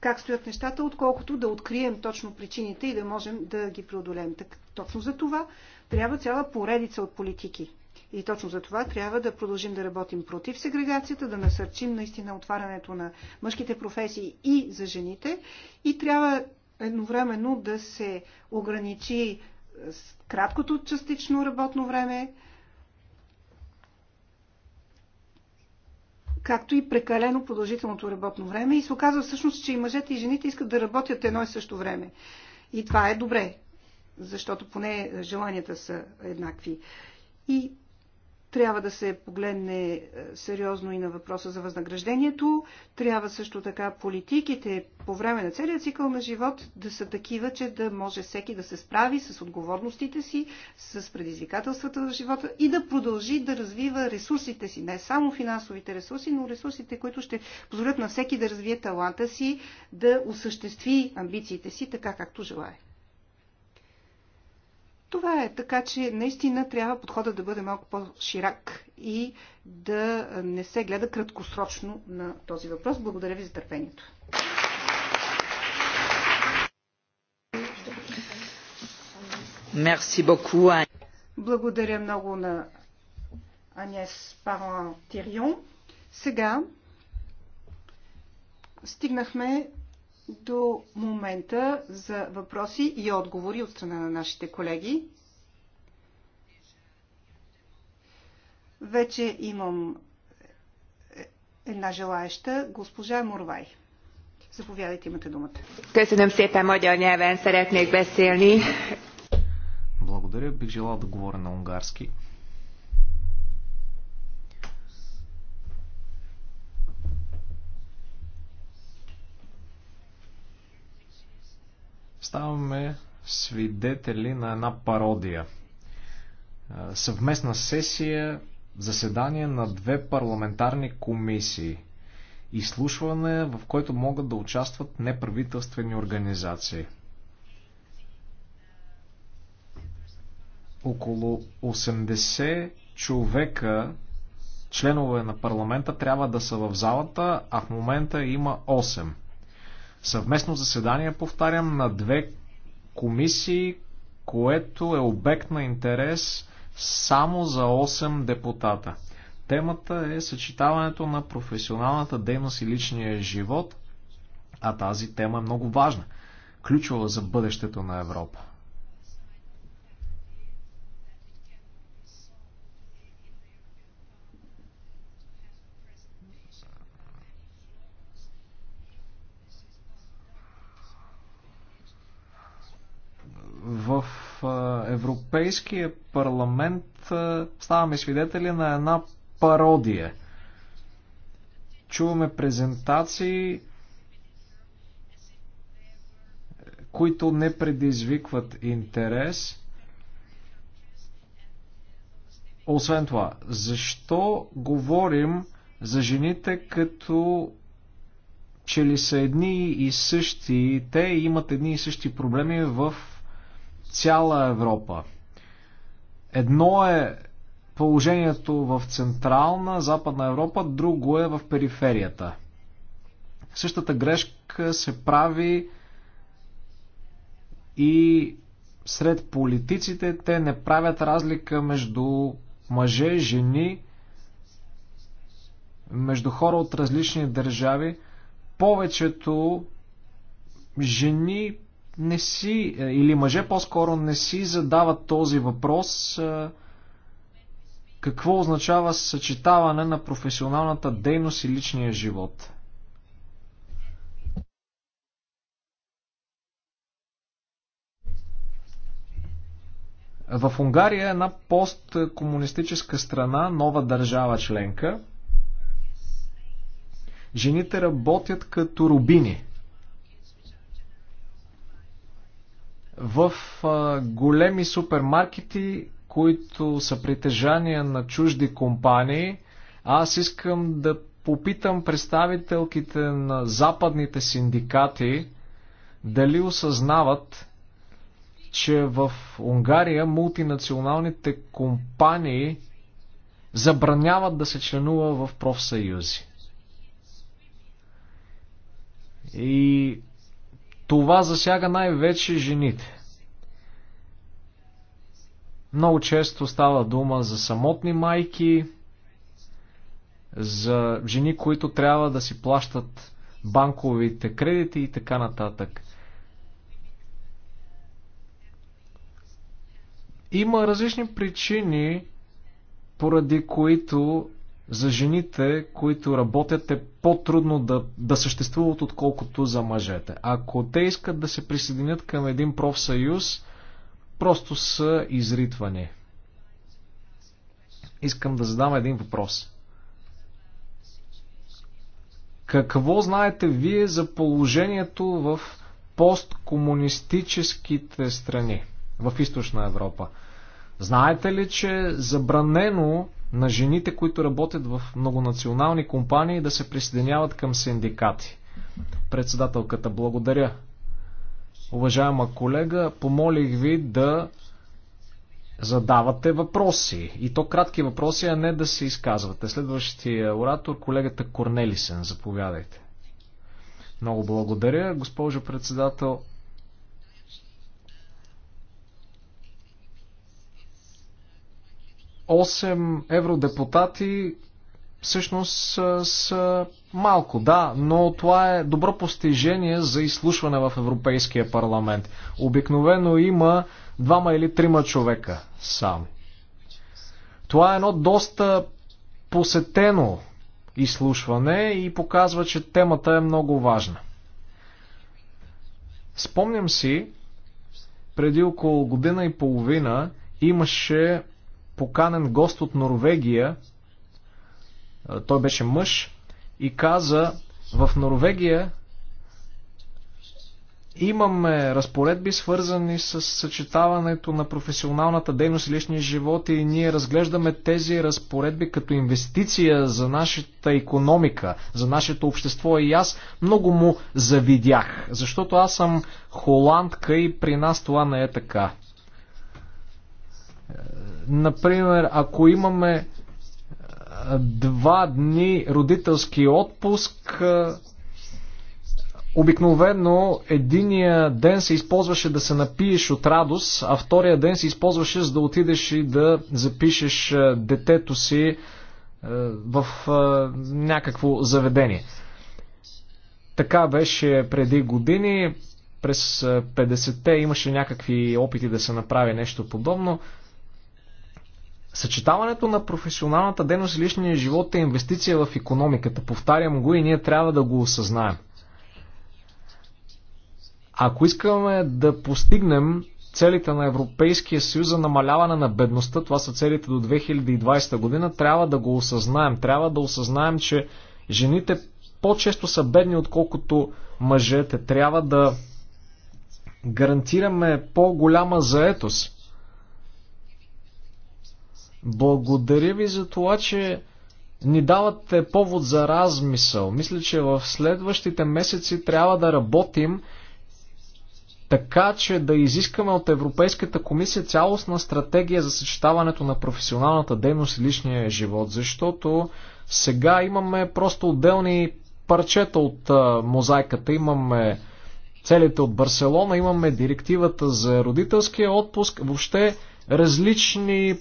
как стоят нещата, отколкото да открием точно причините и да можем да ги преодолеем. Так, точно за това трябва цяла поредица от политики. И точно за това трябва да продължим да работим против сегрегацията, да насърчим наистина отварянето на мъжките професии и за жените. И трябва едновременно да се ограничи краткото частично работно време, както и прекалено продължителното работно време. И се оказва всъщност, че и мъжете и жените искат да работят едно и също време. И това е добре защото поне желанията са еднакви. И трябва да се погледне е, сериозно и на въпроса за възнаграждението. Трябва също така политиките по време на целия цикъл на живот да са такива, че да може всеки да се справи с отговорностите си, с предизвикателствата в живота и да продължи да развива ресурсите си. Не само финансовите ресурси, но ресурсите, които ще позволят на всеки да развие таланта си, да осъществи амбициите си така, както желая. Това е така, че наистина трябва подходът да бъде малко по-ширак и да не се гледа краткосрочно на този въпрос. Благодаря ви за търпението. Merci beaucoup. Благодаря много на Анес Паран Тирион. Сега стигнахме до момента за въпроси и отговори от страна на нашите колеги. Вече имам една желаеща, госпожа Морвай. Заповядайте, имате думата. Köszönöm szépen, magyar nyelven szeretnék beszélni. Благодаря, бих желал да говоря на унгарски. ставаме свидетели на една пародия. Съвместна сесия, заседание на две парламентарни комисии. Изслушване, в което могат да участват неправителствени организации. Около 80 човека, членове на парламента, трябва да са в залата, а в момента има 8 съвместно заседание, повтарям, на две комисии, което е обект на интерес само за 8 депутата. Темата е съчетаването на професионалната дейност и личния живот, а тази тема е много важна, ключова за бъдещето на Европа. Европейския парламент ставаме свидетели на една пародия. Чуваме презентации, които не предизвикват интерес. Освен това, защо говорим за жените като че ли са едни и същи, те имат едни и същи проблеми в цяла Европа. Едно е положението в Централна, Западна Европа, друго е в периферията. Същата грешка се прави и сред политиците. Те не правят разлика между мъже, жени, между хора от различни държави. Повечето жени не си, е, или мъже по-скоро не си задават този въпрос е, какво означава съчетаване на професионалната дейност и личния живот. В Унгария, е една посткомунистическа страна, нова държава членка, жените работят като рубини – в големи супермаркети, които са притежания на чужди компании. Аз искам да попитам представителките на западните синдикати дали осъзнават, че в Унгария мултинационалните компании забраняват да се членува в профсъюзи. И това засяга най-вече жените. Много често става дума за самотни майки, за жени, които трябва да си плащат банковите кредити и така нататък. Има различни причини, поради които за жените, които работят, е по-трудно да, да съществуват, отколкото за мъжете. Ако те искат да се присъединят към един профсъюз, просто са изритвани. Искам да задам един въпрос. Какво знаете вие за положението в посткомунистическите страни в източна Европа? Знаете ли, че забранено на жените, които работят в многонационални компании да се присъединяват към синдикати. Председателката, благодаря. Уважаема колега, помолих ви да задавате въпроси. И то кратки въпроси, а не да се изказвате. Следващия оратор, колегата Корнелисен, заповядайте. Много благодаря, госпожо председател. 8 евродепутати всъщност са малко, да, но това е добро постижение за изслушване в Европейския парламент. Обикновено има двама или трима човека сам. Това е едно доста посетено изслушване и показва, че темата е много важна. Спомням си, преди около година и половина имаше поканен гост от Норвегия. Той беше мъж и каза, в Норвегия имаме разпоредби, свързани с съчетаването на професионалната дейност и личния живот и ние разглеждаме тези разпоредби като инвестиция за нашата економика, за нашето общество и аз много му завидях, защото аз съм холандка и при нас това не е така. Например, ако имаме е, два дни родителски отпуск, е, Обикновено единия ден се използваше да се напиеш от радост, а втория ден се използваше за да отидеш и да запишеш е, детето си в някакво заведение. Така беше преди години. През 50-те имаше някакви опити да се направи нещо подобно. Съчетаването на професионалната дейност и личния живот е инвестиция в економиката. Повтарям го и ние трябва да го осъзнаем. Ако искаме да постигнем целите на Европейския съюз за намаляване на бедността, това са целите до 2020 година, трябва да го осъзнаем. Трябва да осъзнаем, че жените по-често са бедни, отколкото мъжете. Трябва да гарантираме по-голяма заетост благодаря ви за това, че ни давате повод за размисъл. Мисля, че в следващите месеци трябва да работим така, че да изискаме от Европейската комисия цялостна стратегия за съчетаването на професионалната дейност и личния живот, защото сега имаме просто отделни парчета от мозайката. Имаме целите от Барселона, имаме директивата за родителския отпуск, въобще различни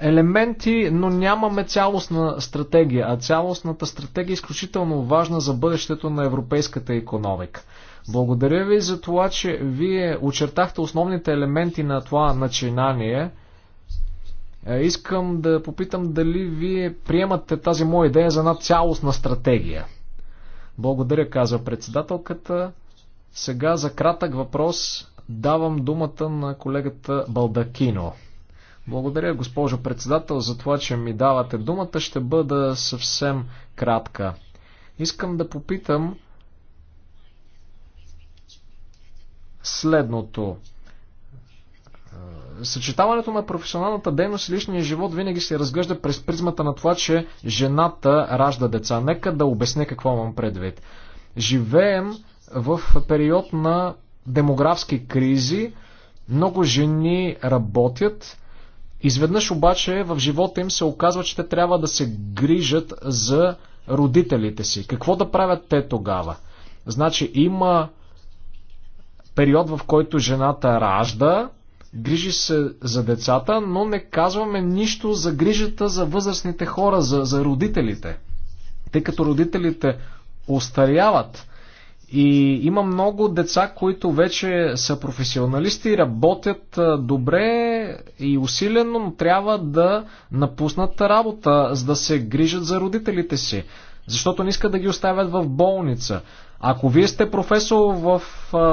е, елементи, но нямаме цялостна стратегия, а цялостната стратегия е изключително важна за бъдещето на европейската економика. Благодаря ви за това, че вие очертахте основните елементи на това начинание. Е, искам да попитам дали вие приемате тази моя идея за една цялостна стратегия. Благодаря, казва председателката. Сега за кратък въпрос давам думата на колегата Балдакино. Благодаря, госпожо председател, за това, че ми давате думата. Ще бъда съвсем кратка. Искам да попитам следното. Съчетаването на професионалната дейност и личния живот винаги се разглежда през призмата на това, че жената ражда деца. Нека да обясня какво имам предвид. Живеем в период на демографски кризи. Много жени работят, Изведнъж обаче в живота им се оказва, че те трябва да се грижат за родителите си. Какво да правят те тогава? Значи има период, в който жената ражда, грижи се за децата, но не казваме нищо за грижата за възрастните хора, за, за родителите. Тъй като родителите остаряват, и има много деца, които вече са професионалисти, работят добре и усилено, но трябва да напуснат работа, за да се грижат за родителите си, защото не искат да ги оставят в болница. Ако вие сте професор в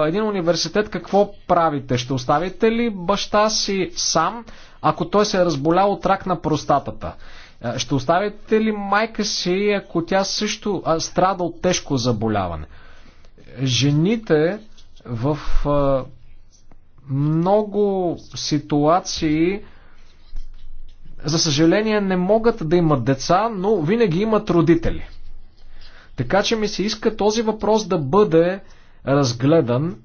един университет, какво правите? Ще оставите ли баща си сам, ако той се е разболял от рак на простатата? Ще оставите ли майка си, ако тя също страда от тежко заболяване? Жените в много ситуации за съжаление не могат да имат деца, но винаги имат родители. Така че ми се иска този въпрос да бъде разгледан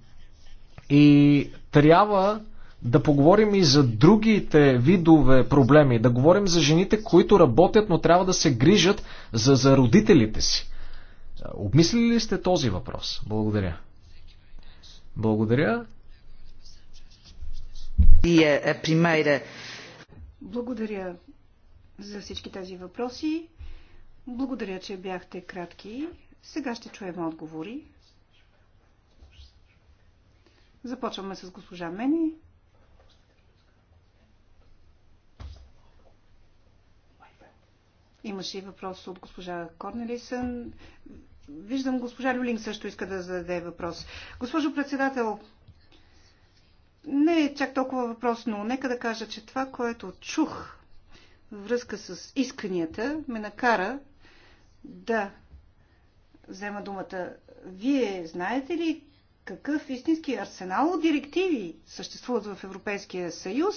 и трябва да поговорим и за другите видове проблеми, да говорим за жените, които работят, но трябва да се грижат за, за родителите си. Обмислили ли сте този въпрос? Благодаря. Благодаря. Е, е Благодаря за всички тези въпроси. Благодаря, че бяхте кратки. Сега ще чуем отговори. Започваме с госпожа Мени. Имаше и въпрос от госпожа Корнелисън. Виждам, госпожа Люлинг също иска да зададе въпрос. Госпожо председател, не е чак толкова въпрос, но нека да кажа, че това, което чух във връзка с исканията, ме накара да взема думата. Вие знаете ли какъв истински арсенал от директиви съществуват в Европейския съюз,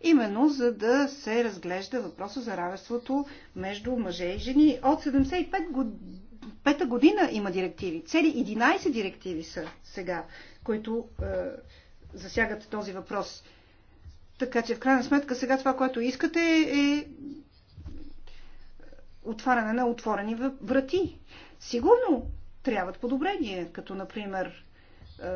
именно за да се разглежда въпроса за равенството между мъже и жени. От 75 години Пета година има директиви. Цели 11 директиви са сега, които е, засягат този въпрос. Така че в крайна сметка сега това, което искате е, е отваряне на отворени врати. Сигурно трябват подобрения, като например е,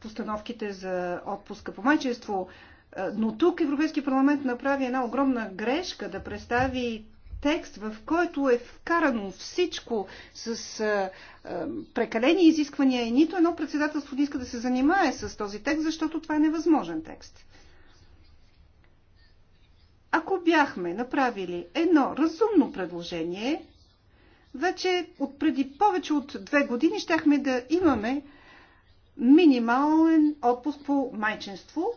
постановките за отпуска по майчество, е, но тук Европейския парламент направи една огромна грешка да представи текст, в който е вкарано всичко с а, а, прекалени изисквания и нито едно председателство не иска да се занимае с този текст, защото това е невъзможен текст. Ако бяхме направили едно разумно предложение, вече от преди повече от две години щяхме да имаме минимален отпуск по майчинство,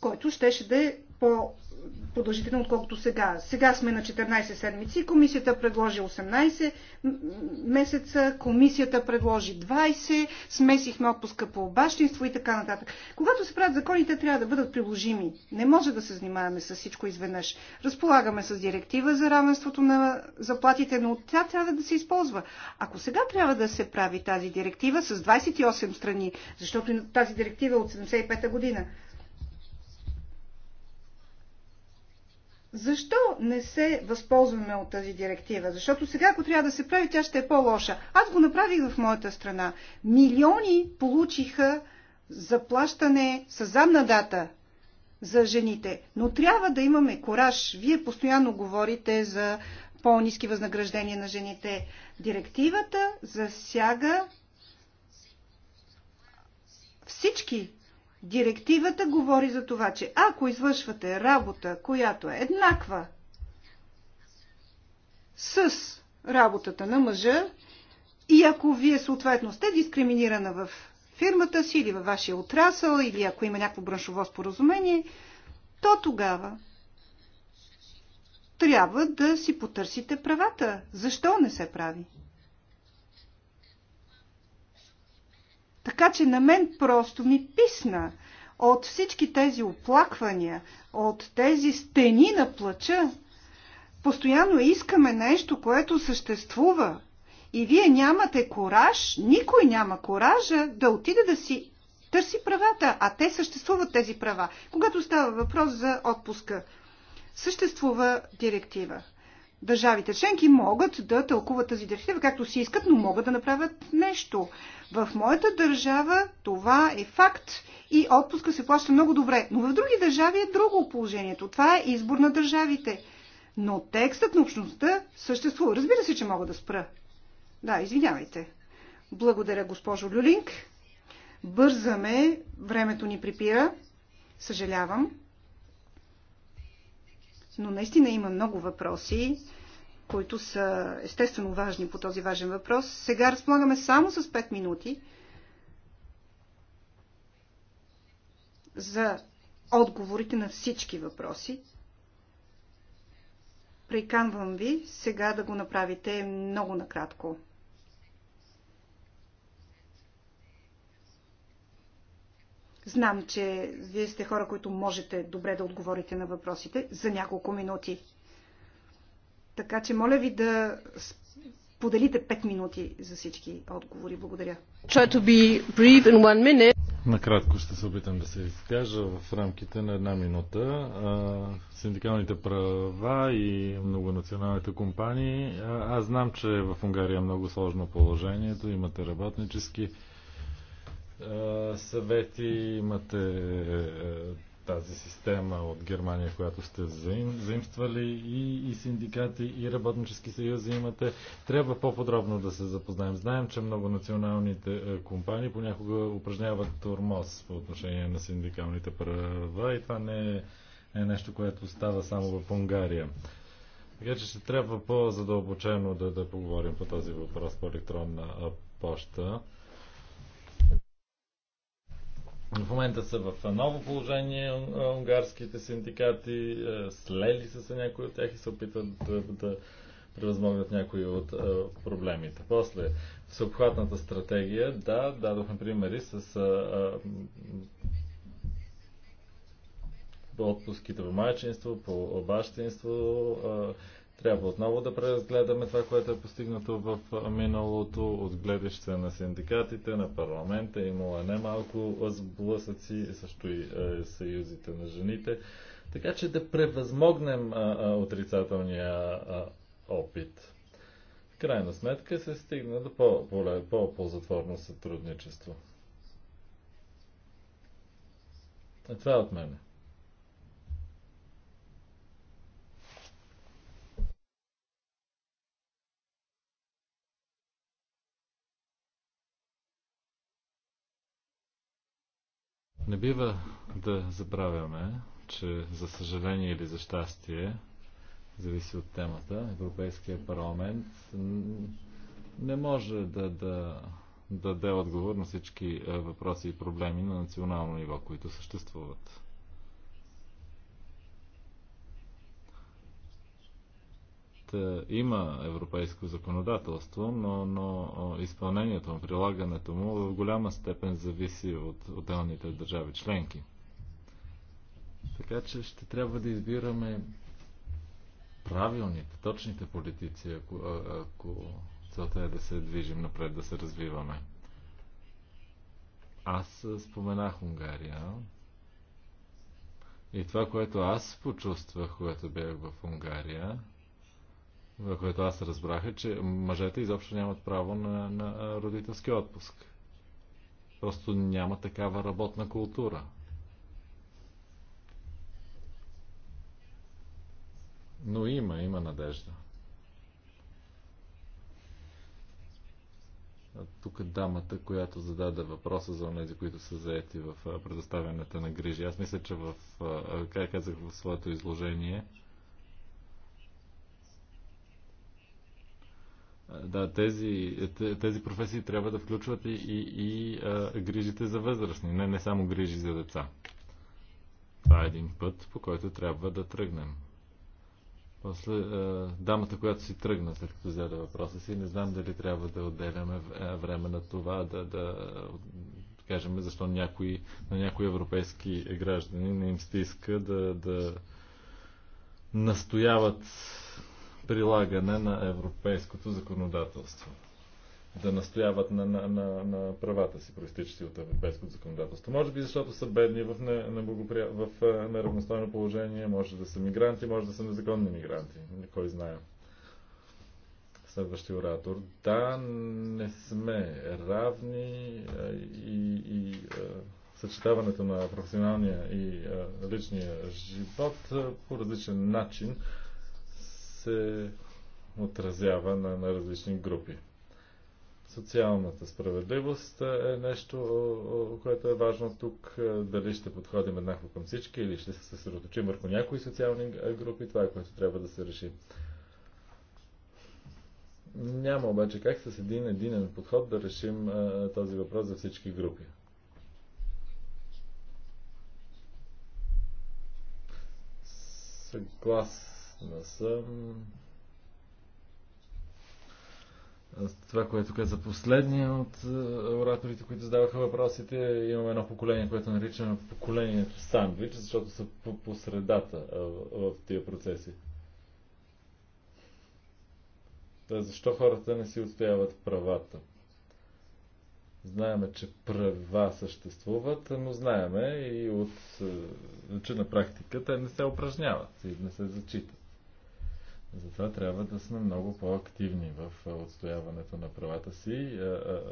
който щеше да е по продължително, отколкото сега. Сега сме на 14 седмици, комисията предложи 18 месеца, комисията предложи 20, смесихме отпуска по обащинство и така нататък. Когато се правят законите, трябва да бъдат приложими. Не може да се занимаваме с всичко изведнъж. Разполагаме с директива за равенството на заплатите, но тя трябва да се използва. Ако сега трябва да се прави тази директива с 28 страни, защото тази директива е от 75-та година, Защо не се възползваме от тази директива? Защото сега, ако трябва да се прави, тя ще е по-лоша. Аз го направих в моята страна. Милиони получиха заплащане с задна дата за жените. Но трябва да имаме кораж. Вие постоянно говорите за по-низки възнаграждения на жените. Директивата засяга всички Директивата говори за това, че ако извършвате работа, която е еднаква с работата на мъжа, и ако вие съответно сте дискриминирана в фирмата си или във вашия отрасъл, или ако има някакво браншово споразумение, то тогава трябва да си потърсите правата. Защо не се прави? Така че на мен просто ми писна от всички тези оплаквания, от тези стени на плача. Постоянно искаме нещо, което съществува. И вие нямате кораж, никой няма коража да отиде да си търси правата, а те съществуват тези права. Когато става въпрос за отпуска, съществува директива. Държавите членки могат да тълкуват тази директива както си искат, но могат да направят нещо. В моята държава това е факт и отпуска се плаща много добре, но в други държави е друго положението. Това е избор на държавите. Но текстът на общността съществува. Разбира се, че мога да спра. Да, извинявайте. Благодаря, госпожо Люлинг. Бързаме, времето ни припира. Съжалявам но наистина има много въпроси, които са естествено важни по този важен въпрос. Сега разполагаме само с 5 минути за отговорите на всички въпроси. Приканвам ви сега да го направите много накратко. Знам, че вие сте хора, които можете добре да отговорите на въпросите за няколко минути. Така че моля ви да поделите 5 минути за всички отговори. Благодаря. Накратко ще се опитам да се изкажа в рамките на една минута. Синдикалните права и многонационалните компании. Аз знам, че в Унгария е много сложно положението. Имате работнически е, съвети, имате е, тази система от Германия, която сте заим, заимствали и, и синдикати, и работнически съюзи имате. Трябва по-подробно да се запознаем. Знаем, че много националните е, компании понякога упражняват тормоз по отношение на синдикалните права и това не е, е нещо, което става само в Унгария. Така че ще трябва по-задълбочено да, да поговорим по този въпрос по електронна поща. В момента са в ново положение унгарските синдикати, е, слели са се някои от тях и се опитват да, да превъзмогнат някои от а, е, проблемите. После, всеобхватната стратегия, да, дадохме примери с а, е, а, отпуските по майчинство, по бащинство, а, трябва отново да преразгледаме това, което е постигнато в миналото от гледаща на синдикатите, на парламента. Имало е немалко сблъсъци, също и е, съюзите на жените. Така че да превъзмогнем отрицателния опит. В крайна сметка се стигна до по-ползатворно сътрудничество. Е, това е от мене. Не бива да забравяме, че за съжаление или за щастие, зависи от темата, Европейския парламент не може да, да, да даде отговор на всички въпроси и проблеми на национално ниво, които съществуват. Е, има европейско законодателство, но, но изпълнението, прилагането му в голяма степен зависи от отделните държави членки. Така че ще трябва да избираме правилните, точните политици, ако, ако целта е да се движим напред, да се развиваме. Аз споменах Унгария. И това, което аз почувствах, когато бях в Унгария, това, което аз разбрах е, че мъжете изобщо нямат право на, на родителски отпуск. Просто няма такава работна култура. Но има, има надежда. тук дамата, която зададе въпроса за тези, които са заети в предоставянето на грижи. Аз мисля, че в, как казах в своето изложение, Да, тези, тези професии трябва да включват и, и, и а, грижите за възрастни, не, не само грижи за деца. Това е един път, по който трябва да тръгнем. После а, дамата, която си тръгна, след като зададе въпроса си, не знам дали трябва да отделяме време на това, да, да кажем защо някои, на някои европейски граждани не им стиска да, да настояват прилагане на европейското законодателство. Да настояват на, на, на, на правата си, проистичащи от европейското законодателство. Може би защото са бедни в, не, неблагоприя... в е, неравностойно положение, може да са мигранти, може да са незаконни мигранти. Кой знае следващия оратор. Да, не сме равни и, и съчетаването на професионалния и личния живот по различен начин се отразява на, на различни групи. Социалната справедливост е нещо, което е важно тук. Е, дали ще подходим еднакво към всички или ще се съсредоточим върху някои социални е, групи, това е което трябва да се реши. Няма обаче как с един единен подход да решим е, този въпрос за всички групи. Съгласен не съм. Това, което каза последния от е, ораторите, които задаваха въпросите, имаме едно поколение, което наричаме поколението сандвич, защото са по, по средата е, в тия процеси. Тоест, защо хората не си отстояват правата? Знаеме, че права съществуват, но знаеме и от, е, че на практика те не се упражняват и не се зачитат. Затова трябва да сме много по-активни в отстояването на правата си,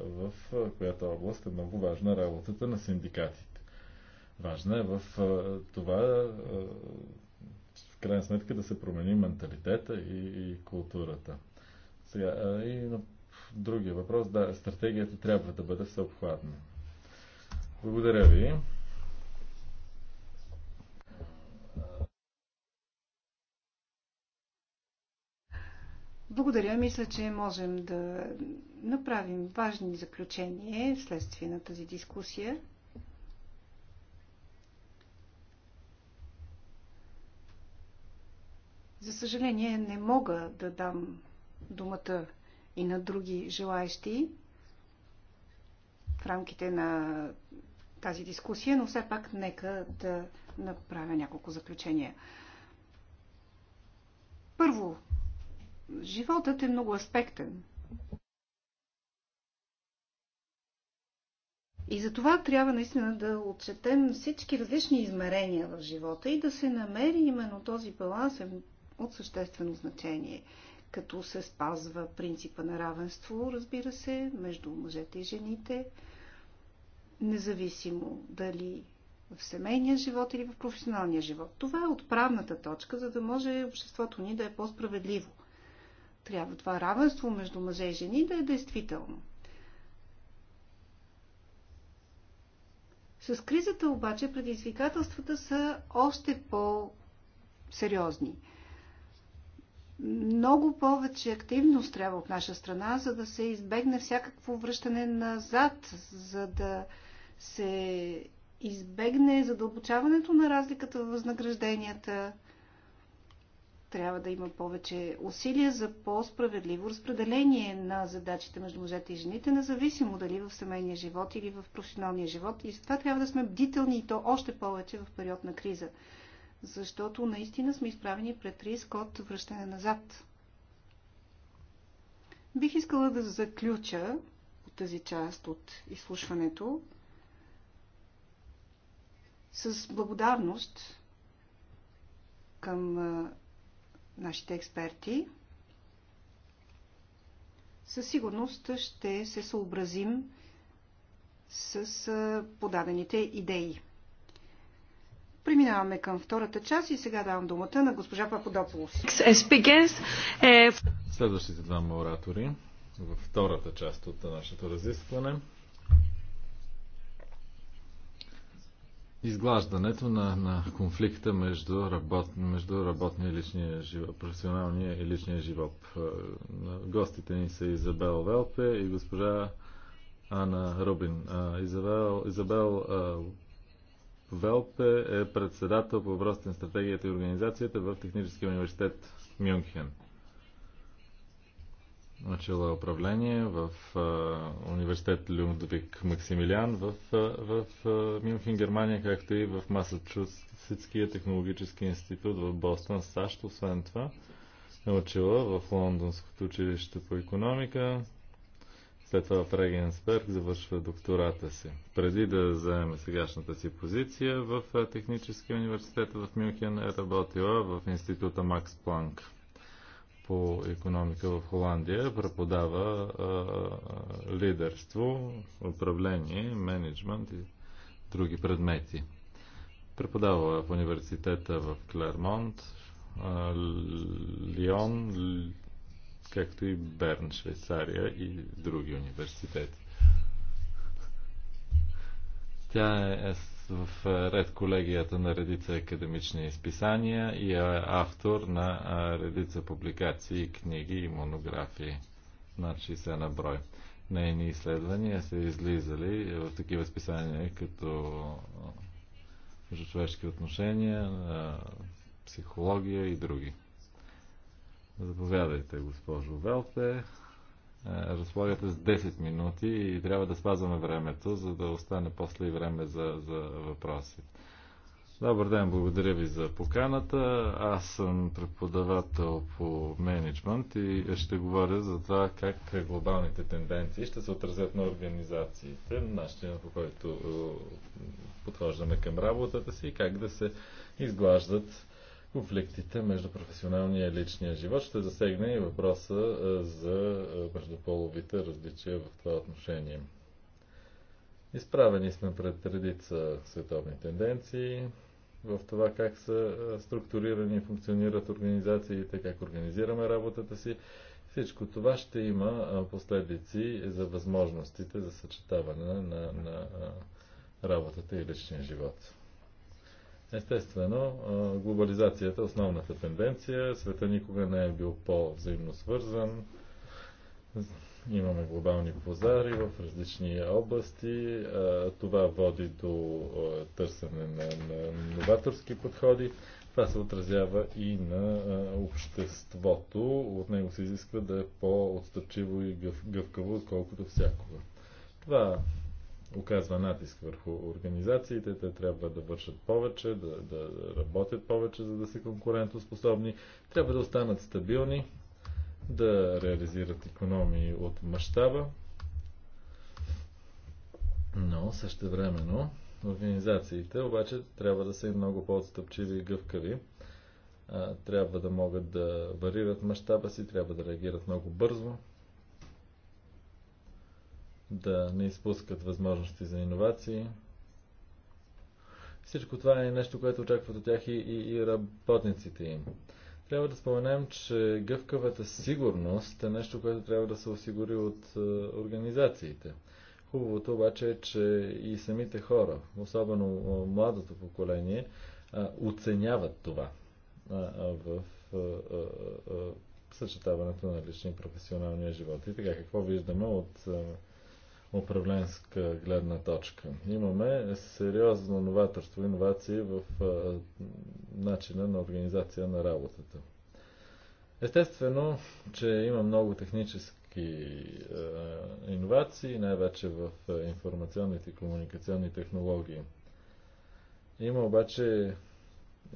в която област е много важна работата на синдикатите. Важна е в това, в крайна сметка, да се промени менталитета и, културата. Сега, и на другия въпрос, да, стратегията трябва да бъде всеобхватна. Благодаря ви. Благодаря. Мисля, че можем да направим важни заключения вследствие на тази дискусия. За съжаление, не мога да дам думата и на други желаящи в рамките на тази дискусия, но все пак нека да направя няколко заключения. Първо, животът е много аспектен. И за това трябва наистина да отчетем всички различни измерения в живота и да се намери именно този баланс е от съществено значение, като се спазва принципа на равенство, разбира се, между мъжете и жените, независимо дали в семейния живот или в професионалния живот. Това е отправната точка, за да може обществото ни да е по-справедливо. Трябва това равенство между мъже и жени да е действително. С кризата обаче предизвикателствата са още по-сериозни. Много повече активност трябва от наша страна, за да се избегне всякакво връщане назад, за да се избегне задълбочаването на разликата в възнагражденията, трябва да има повече усилия за по-справедливо разпределение на задачите между мъжете и жените, независимо дали в семейния живот или в професионалния живот. И затова трябва да сме бдителни и то още повече в период на криза. Защото наистина сме изправени пред риск от връщане назад. Бих искала да заключа тази част от изслушването с благодарност към нашите експерти. Със сигурност ще се съобразим с подадените идеи. Преминаваме към втората част и сега давам думата на госпожа Пападополос. Е, Следващите двама оратори във втората част от нашето разискване изглаждането на, на конфликта между, работ, между работния и личния живот, професионалния и личния живот. Е, гостите ни са Изабел Велпе и госпожа Ана Рубин. Е, Изабел, Изабел е, Велпе е председател по въпросите на стратегията и организацията в Техническия университет Мюнхен начала управление в а, университет Людвиг Максимилиан в, в, в Мюнхен, Германия, както и в Масачусетския технологически институт в Бостон, САЩ. Освен това, е учила в Лондонското училище по економика. След това в Регенсберг завършва доктората си. Преди да заеме сегашната си позиция в Техническия университет в Мюнхен е работила в института Макс Планк по економика в Холандия преподава а, лидерство, управление, менеджмент и други предмети. Преподава в университета в Клермонт, Лион, както и Берн, Швейцария и други университети. Тя е в е, ред колегията на редица академични изписания и е автор на е, редица публикации, книги и монографии на значи 60 на брой. Нейни изследвания са излизали в е, такива списания като човешки отношения, психология и други. Заповядайте, госпожо Велте. Е, разполагате с 10 минути и трябва да спазваме времето, за да остане после и време за, за въпроси. Добър ден, благодаря ви за поканата. Аз съм преподавател по менеджмент и ще говоря за това как глобалните тенденции ще се отразят на организациите, начина по който е, подхождаме към работата си и как да се изглаждат конфликтите между професионалния и личния живот. Ще засегне и въпроса е, за е, междуполовите различия в това отношение. Изправени сме пред редица световни тенденции в това как са е, структурирани и функционират организациите, как организираме работата си. Всичко това ще има последици за възможностите за съчетаване на, на, на работата и личния живот. Естествено, глобализацията е основната тенденция. Света никога не е бил по-взаимно свързан. Имаме глобални пазари в различни области. Това води до търсене на, на новаторски подходи. Това се отразява и на обществото. От него се изисква да е по-отстъпчиво и гъвкаво, отколкото всякога. Това оказва натиск върху организациите, те трябва да вършат повече, да, да работят повече, за да са конкурентоспособни, трябва да останат стабилни, да реализират економии от мащаба, но същевременно организациите обаче трябва да са и много по-отстъпчиви и гъвкави. Трябва да могат да варират мащаба си, трябва да реагират много бързо, да не изпускат възможности за иновации. Всичко това е нещо, което очакват от тях и, и, и работниците им. Трябва да споменем, че гъвкавата сигурност е нещо, което трябва да се осигури от е, организациите. Хубавото обаче е, че и самите хора, особено е, младото поколение, е, оценяват това е, в съчетаването на личния и професионалния живот. И така, какво виждаме от управленска гледна точка. Имаме сериозно новаторство, иновации в а, начина на организация на работата. Естествено, че има много технически а, иновации, най-вече в информационните и комуникационни технологии. Има обаче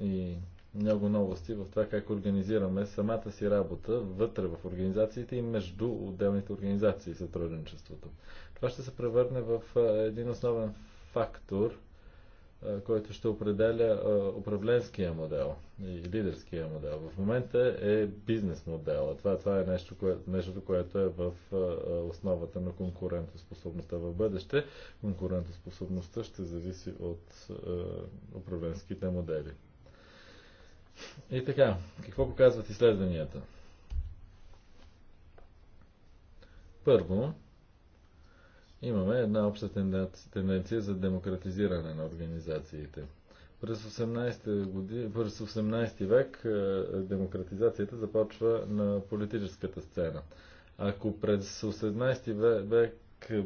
и много новости в това как организираме самата си работа вътре в организациите и между отделните организации сътрудничеството. Това ще се превърне в един основен фактор, който ще определя управленския модел и лидерския модел. В момента е бизнес модела. Това, това е нещо, кое, нещо, което е в основата на конкурентоспособността в бъдеще. Конкурентоспособността ще зависи от управленските модели. И така, какво показват изследванията? Първо, Имаме една обща тенденция за демократизиране на организациите. През 18, години, през 18 век е, демократизацията започва на политическата сцена. Ако през 18 век е,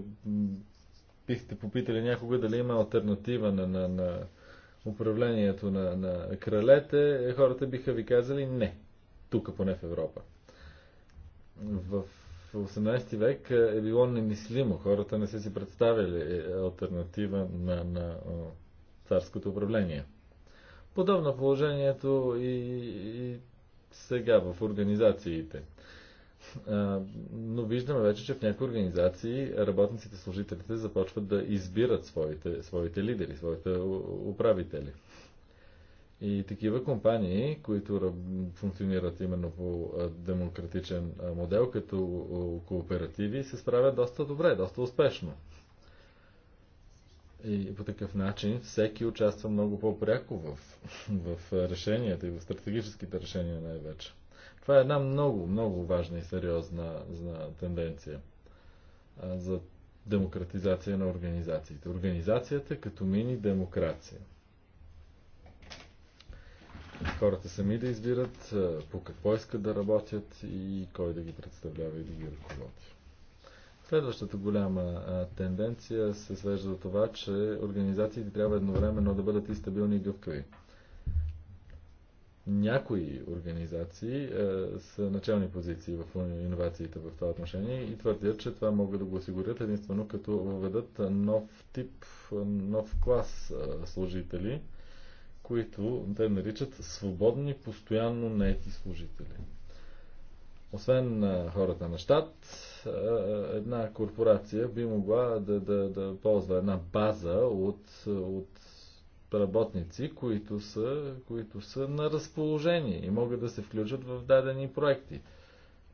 бихте попитали някога дали има альтернатива на, на, на управлението на, на кралете, е, хората биха ви казали не. Тук, поне в Европа. В 18 век е, е било немислимо. Хората не са си представили е, альтернатива на, на царското управление. Подобно положението и, и сега в организациите. Но виждаме вече, че в някои организации работниците, служителите започват да избират своите, своите лидери, своите управители. И такива компании, които функционират именно по демократичен модел, като кооперативи, се справят доста добре, доста успешно. И по такъв начин всеки участва много по-пряко в, в решенията и в стратегическите решения най-вече. Това е една много, много важна и сериозна зна, тенденция за демократизация на организациите. Организацията като мини демокрация хората сами да избират по какво искат да работят и кой да ги представлява и да ги ръководи. Следващата голяма тенденция се свежда до това, че организациите трябва едновременно да бъдат и стабилни и гъвкави. Някои организации е, са начални позиции в иновациите в това отношение и твърдят, че това могат да го осигурят единствено като въведат нов тип, нов клас е, служители, които те наричат свободни постоянно наети служители. Освен хората на щат, една корпорация би могла да, да, да ползва една база от, от работници, които са, които са на разположение и могат да се включат в дадени проекти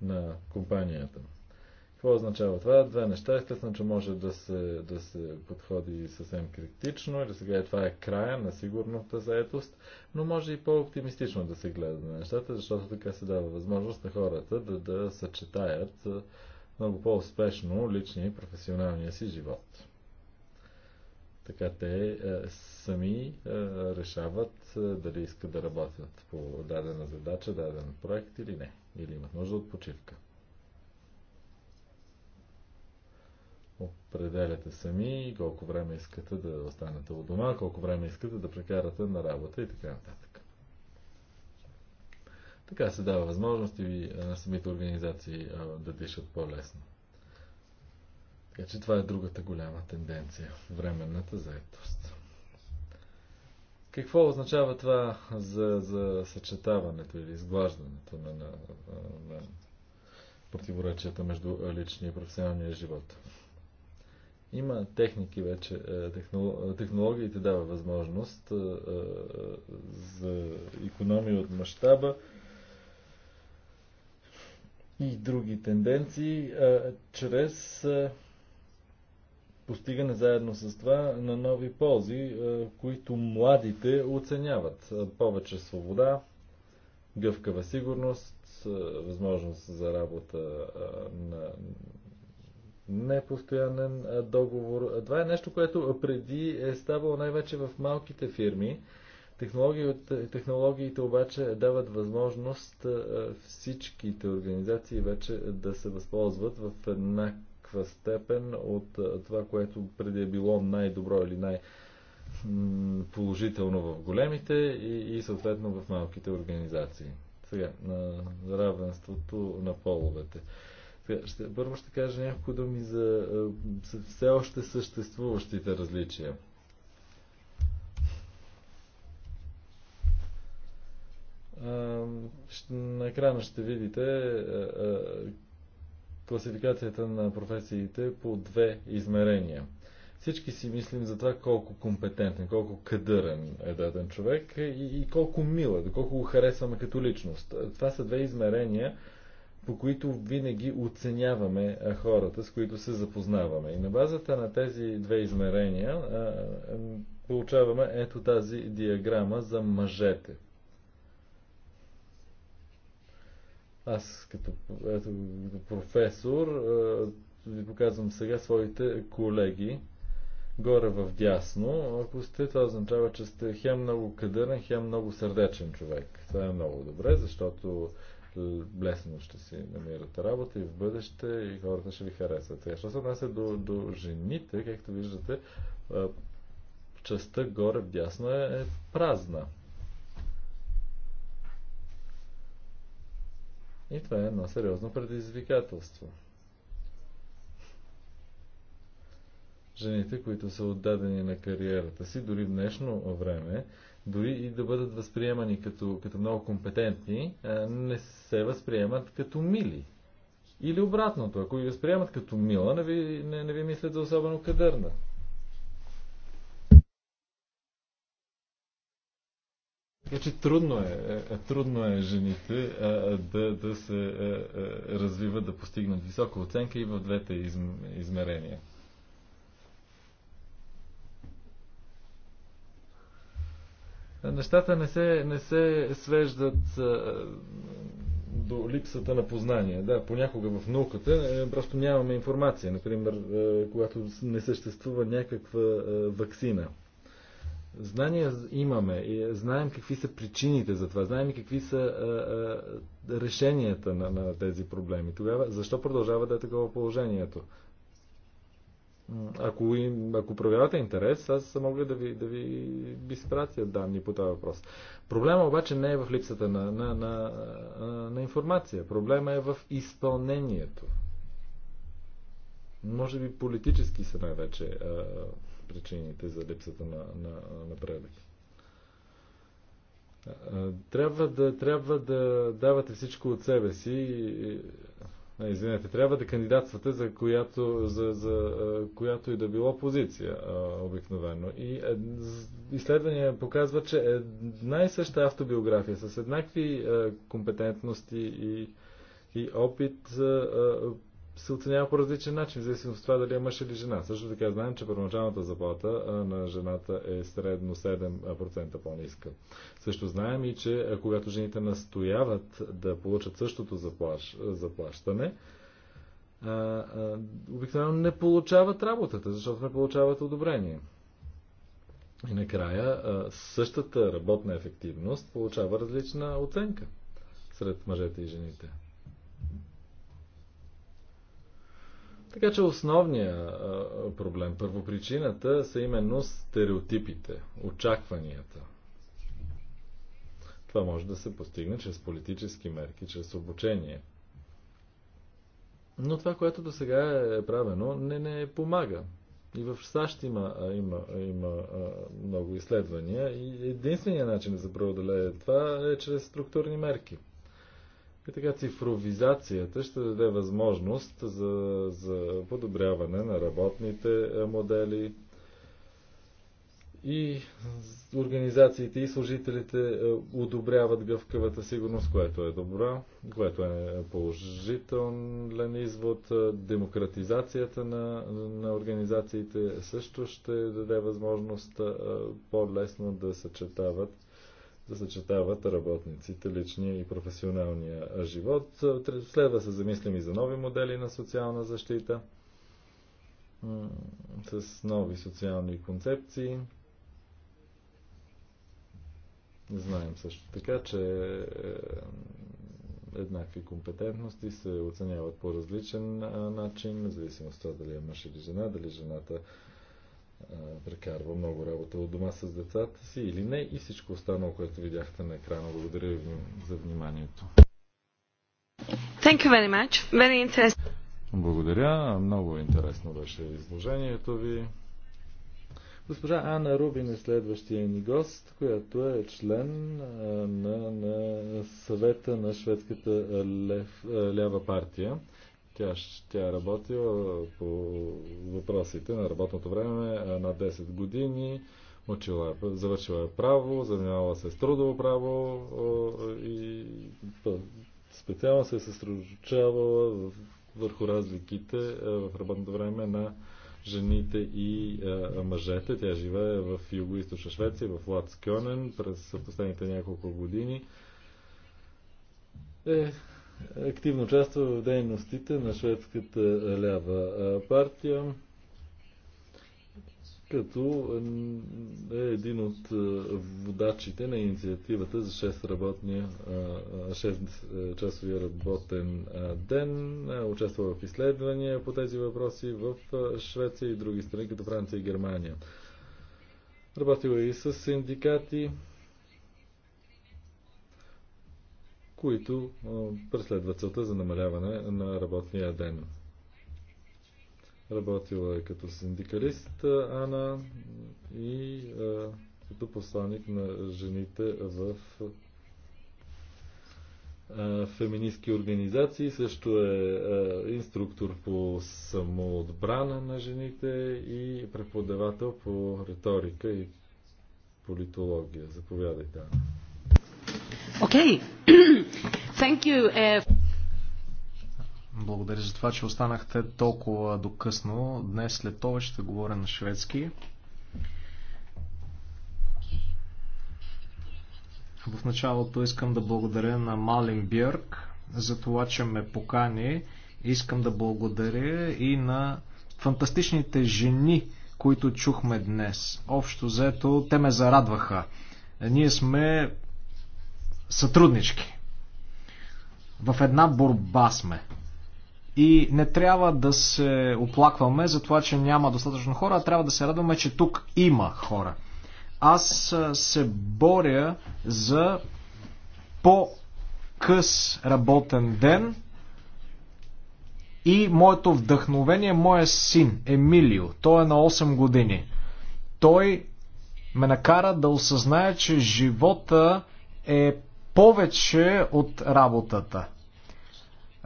на компанията. Какво означава това? Две неща. Естествено, че може да се, да се подходи съвсем критично или сега това е края на сигурната заетост, но може и по-оптимистично да се гледа на нещата, защото така се дава възможност на хората да, да съчетаят много по-успешно личния и професионалния си живот. Така те е, сами е, решават е, дали искат да работят по дадена задача, даден проект или не, или имат нужда от почивка. определяте сами колко време искате да останете у дома, колко време искате да прекарате на работа и така нататък. Така се дава възможност и на самите организации да дишат по-лесно. Така че това е другата голяма тенденция временната заетост. Какво означава това за, за съчетаването или изглаждането на, на, на противоречията между личния и професионалния живот? Има техники вече, е, технолог, технологиите дава възможност е, е, за економия от мащаба и други тенденции, чрез постигане заедно с това на нови ползи, които младите оценяват. Повече свобода, гъвкава сигурност, възможност за работа на непостоянен договор. Това е нещо, което преди е ставало най-вече в малките фирми. Технологиите, технологиите обаче дават възможност всичките организации вече да се възползват в еднаква степен от това, което преди е било най-добро или най- положително в големите и, и съответно в малките организации. Сега, на равенството на половете. Ще, първо ще кажа няколко думи за все още съществуващите различия. На екрана ще видите класификацията на професиите по две измерения. Всички си мислим за това колко компетентен, колко кадърен е даден човек и, и колко мил е, доколко го харесваме като личност. Това са две измерения, по които винаги оценяваме хората, с които се запознаваме. И на базата на тези две измерения получаваме ето тази диаграма за мъжете. Аз като, ето, като професор ви показвам сега своите колеги горе в дясно. Ако сте, това означава, че сте хем много кадърен, хем много сърдечен човек. Това е много добре, защото лесно ще си намирате работа и в бъдеще и хората ще ви харесват. Сега, що се отнася до, до жените, както виждате, частта горе дясно е, е празна. И това е едно сериозно предизвикателство. Жените, които са отдадени на кариерата си, дори в днешно време, дори и да бъдат възприемани като, като много компетентни, не се възприемат като мили. Или обратното, ако ги възприемат като мила, не ви, не, не ви мислят за особено кадърна. Така че трудно е, е, е трудно е жените да, да се е, развиват, да постигнат висока оценка и в двете измерения. нещата не се, не се свеждат до липсата на познание. Да, понякога в науката е, просто нямаме информация. Например, е, когато не съществува някаква е, вакцина. Знания имаме и знаем какви са причините за това, знаем и какви са а, а, решенията на, на тези проблеми. Тогава защо продължава да е такова положението? ако, ако проявявате интерес, аз съм мога да ви, да ви изпратя данни по този въпрос. Проблема обаче не е в липсата на, на, на, на информация. Проблема е в изпълнението. Може би политически са най-вече а, причините за липсата на, на напредък. Трябва да, трябва да давате всичко от себе си извинете, трябва да кандидатствате за която, за, за, която и да било позиция обикновено. И е, изследвания показва, че една и съща автобиография с еднакви компетентности и, и опит се оценява по различен начин, в зависимост от това дали е мъж или жена. Също така знаем, че първоначалната заплата на жената е средно 7% по-ниска. Също знаем и, че когато жените настояват да получат същото заплаш, заплащане, обикновено не получават работата, защото не получават одобрение. И накрая същата работна ефективност получава различна оценка сред мъжете и жените. Така че основният проблем, първопричината са именно стереотипите, очакванията. Това може да се постигне чрез политически мерки, чрез обучение. Но това, което до сега е правено, не, не помага. И в САЩ има, има, има много изследвания и единственият начин за преодолее това е чрез структурни мерки – и така цифровизацията ще даде възможност за, за подобряване на работните е, модели и организациите и служителите е, одобряват гъвкавата сигурност, което е добра, което е положителен извод. Е, демократизацията на, на организациите също ще даде възможност по-лесно да съчетават да съчетават работниците, личния и професионалния живот. Следва се замислим и за нови модели на социална защита, с нови социални концепции. Знаем също така, че е, еднакви компетентности се оценяват по различен начин, в зависимост от това дали е мъж или жена, дали жената прекарва много работа от дома с децата си или не и всичко останало, което видяхте на екрана. Благодаря ви за вниманието. Thank you very much. Very Благодаря. Много интересно беше изложението ви. Госпожа Ана Рубин е следващия ни гост, която е член на, на съвета на шведската лев, лява партия. Тя, тя е работила по въпросите на работното време на 10 години. Учила, е, завършила е право, занимавала се с трудово право и специално се е съсредоточавала върху разликите в работното време на жените и мъжете. Тя живее в Юго-Источна Швеция, в Кьонен през последните няколко години. Е, активно участва в дейностите на шведската лява партия, като е един от водачите на инициативата за 6 работния, 6 часовия работен ден. Участва в изследвания по тези въпроси в Швеция и други страни, като Франция и Германия. Работила е и с синдикати, които преследват целта за намаляване на работния ден. Работила е като синдикалист Ана и като посланник на жените в феминистки организации. Също е, е инструктор по самоотбрана на жените и преподавател по риторика и политология. Заповядайте, Ана. Uh, благодаря за това, че останахте толкова докъсно. Днес след това ще говоря на шведски. В началото искам да благодаря на Малин Бьърк за това, че ме покани. Искам да благодаря и на фантастичните жени, които чухме днес. Общо взето, те ме зарадваха. Ние сме сътруднички. В една борба сме. И не трябва да се оплакваме за това, че няма достатъчно хора, а трябва да се радваме, че тук има хора. Аз се боря за по-къс работен ден и моето вдъхновение, моя син Емилио, той е на 8 години. Той ме накара да осъзная, че живота е повече от работата.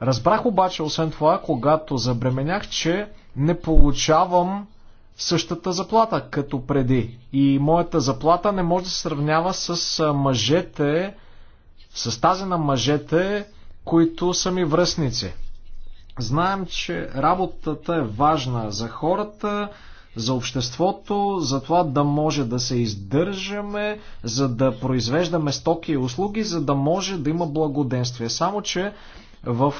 Разбрах обаче, освен това, когато забременях, че не получавам същата заплата като преди. И моята заплата не може да се сравнява с мъжете, с тази на мъжете, които са ми връзници. Знаем, че работата е важна за хората, за обществото, за това да може да се издържаме, за да произвеждаме стоки и услуги, за да може да има благоденствие. Само, че в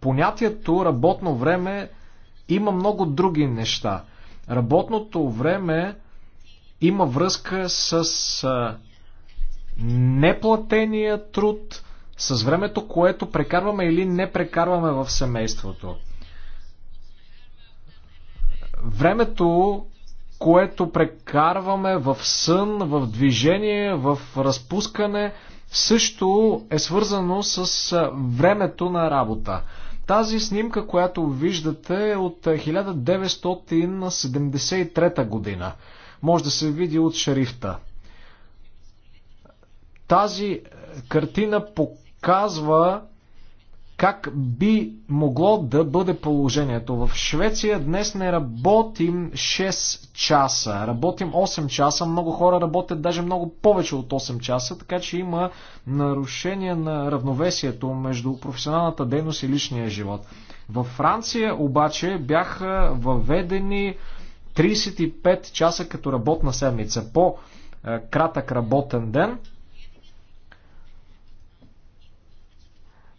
понятието работно време има много други неща. Работното време има връзка с неплатения труд, с времето, което прекарваме или не прекарваме в семейството. Времето, което прекарваме в сън, в движение, в разпускане, също е свързано с времето на работа. Тази снимка, която виждате е от 1973 година. Може да се види от шерифта. Тази картина показва как би могло да бъде положението? В Швеция днес не работим 6 часа, работим 8 часа, много хора работят даже много повече от 8 часа, така че има нарушение на равновесието между професионалната дейност и личния живот. Във Франция обаче бяха въведени 35 часа като работна седмица, по е, кратък работен ден –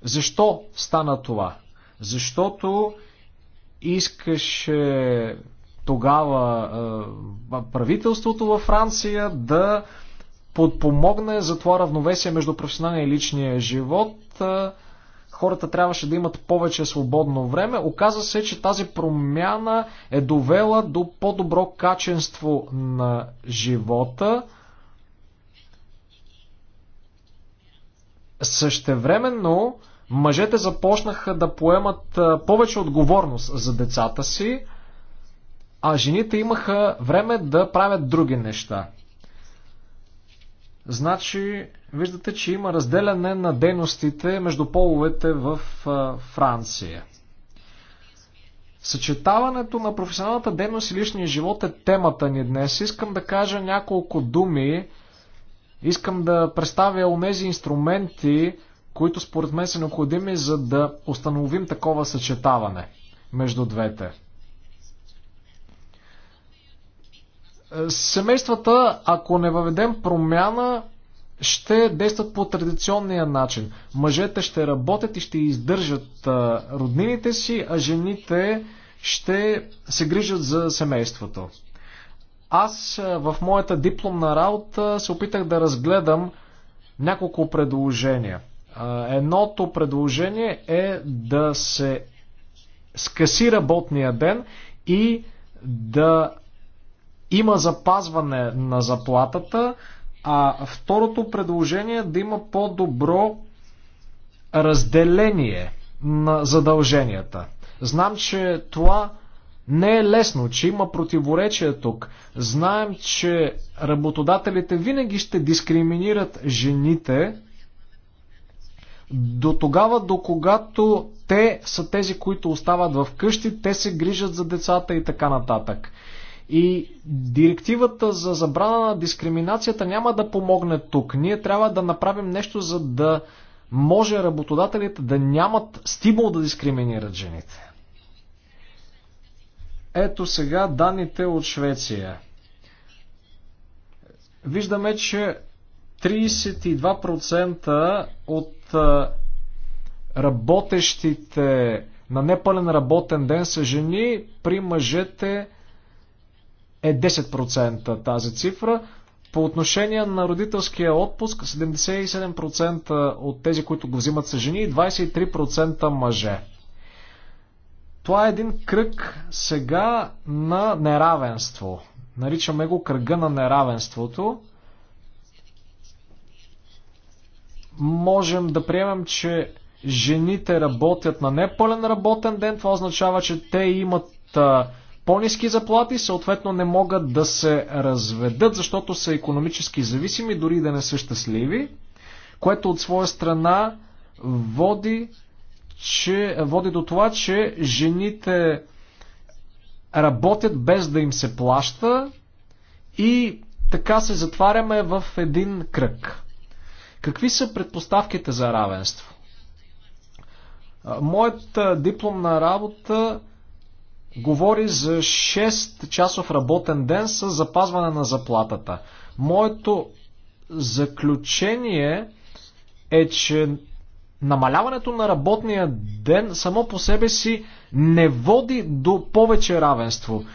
Защо стана това? Защото искаше тогава правителството във Франция да подпомогне за това равновесие между професионалния и личния живот. Хората трябваше да имат повече свободно време. Оказа се, че тази промяна е довела до по-добро качество на живота. Същевременно, Мъжете започнаха да поемат повече отговорност за децата си, а жените имаха време да правят други неща. Значи, виждате, че има разделяне на дейностите между половете в Франция. Съчетаването на професионалната дейност и личния живот е темата ни днес. Искам да кажа няколко думи. Искам да представя онези инструменти, които според мен са необходими, за да установим такова съчетаване между двете. Семействата, ако не въведем промяна, ще действат по традиционния начин. Мъжете ще работят и ще издържат роднините си, а жените ще се грижат за семейството. Аз в моята дипломна работа се опитах да разгледам няколко предложения. Едното предложение е да се скъси работния ден и да има запазване на заплатата, а второто предложение е да има по-добро разделение на задълженията. Знам, че това не е лесно, че има противоречия тук. Знаем, че работодателите винаги ще дискриминират жените до тогава, до когато те са тези, които остават в къщи, те се грижат за децата и така нататък. И директивата за забрана на дискриминацията няма да помогне тук. Ние трябва да направим нещо, за да може работодателите да нямат стимул да дискриминират жените. Ето сега данните от Швеция. Виждаме, че 32% от работещите на непълен работен ден са жени, при мъжете е 10% тази цифра. По отношение на родителския отпуск, 77% от тези, които го взимат са жени и 23% мъже. Това е един кръг сега на неравенство. Наричаме го кръга на неравенството. можем да приемем, че жените работят на непълен работен ден, това означава, че те имат по-низки заплати, съответно не могат да се разведат, защото са економически зависими, дори да не са щастливи, което от своя страна води, че, води до това, че жените работят без да им се плаща и така се затваряме в един кръг. Какви са предпоставките за равенство? Моята дипломна работа говори за 6-часов работен ден с запазване на заплатата. Моето заключение е, че намаляването на работния ден само по себе си не води до повече равенство.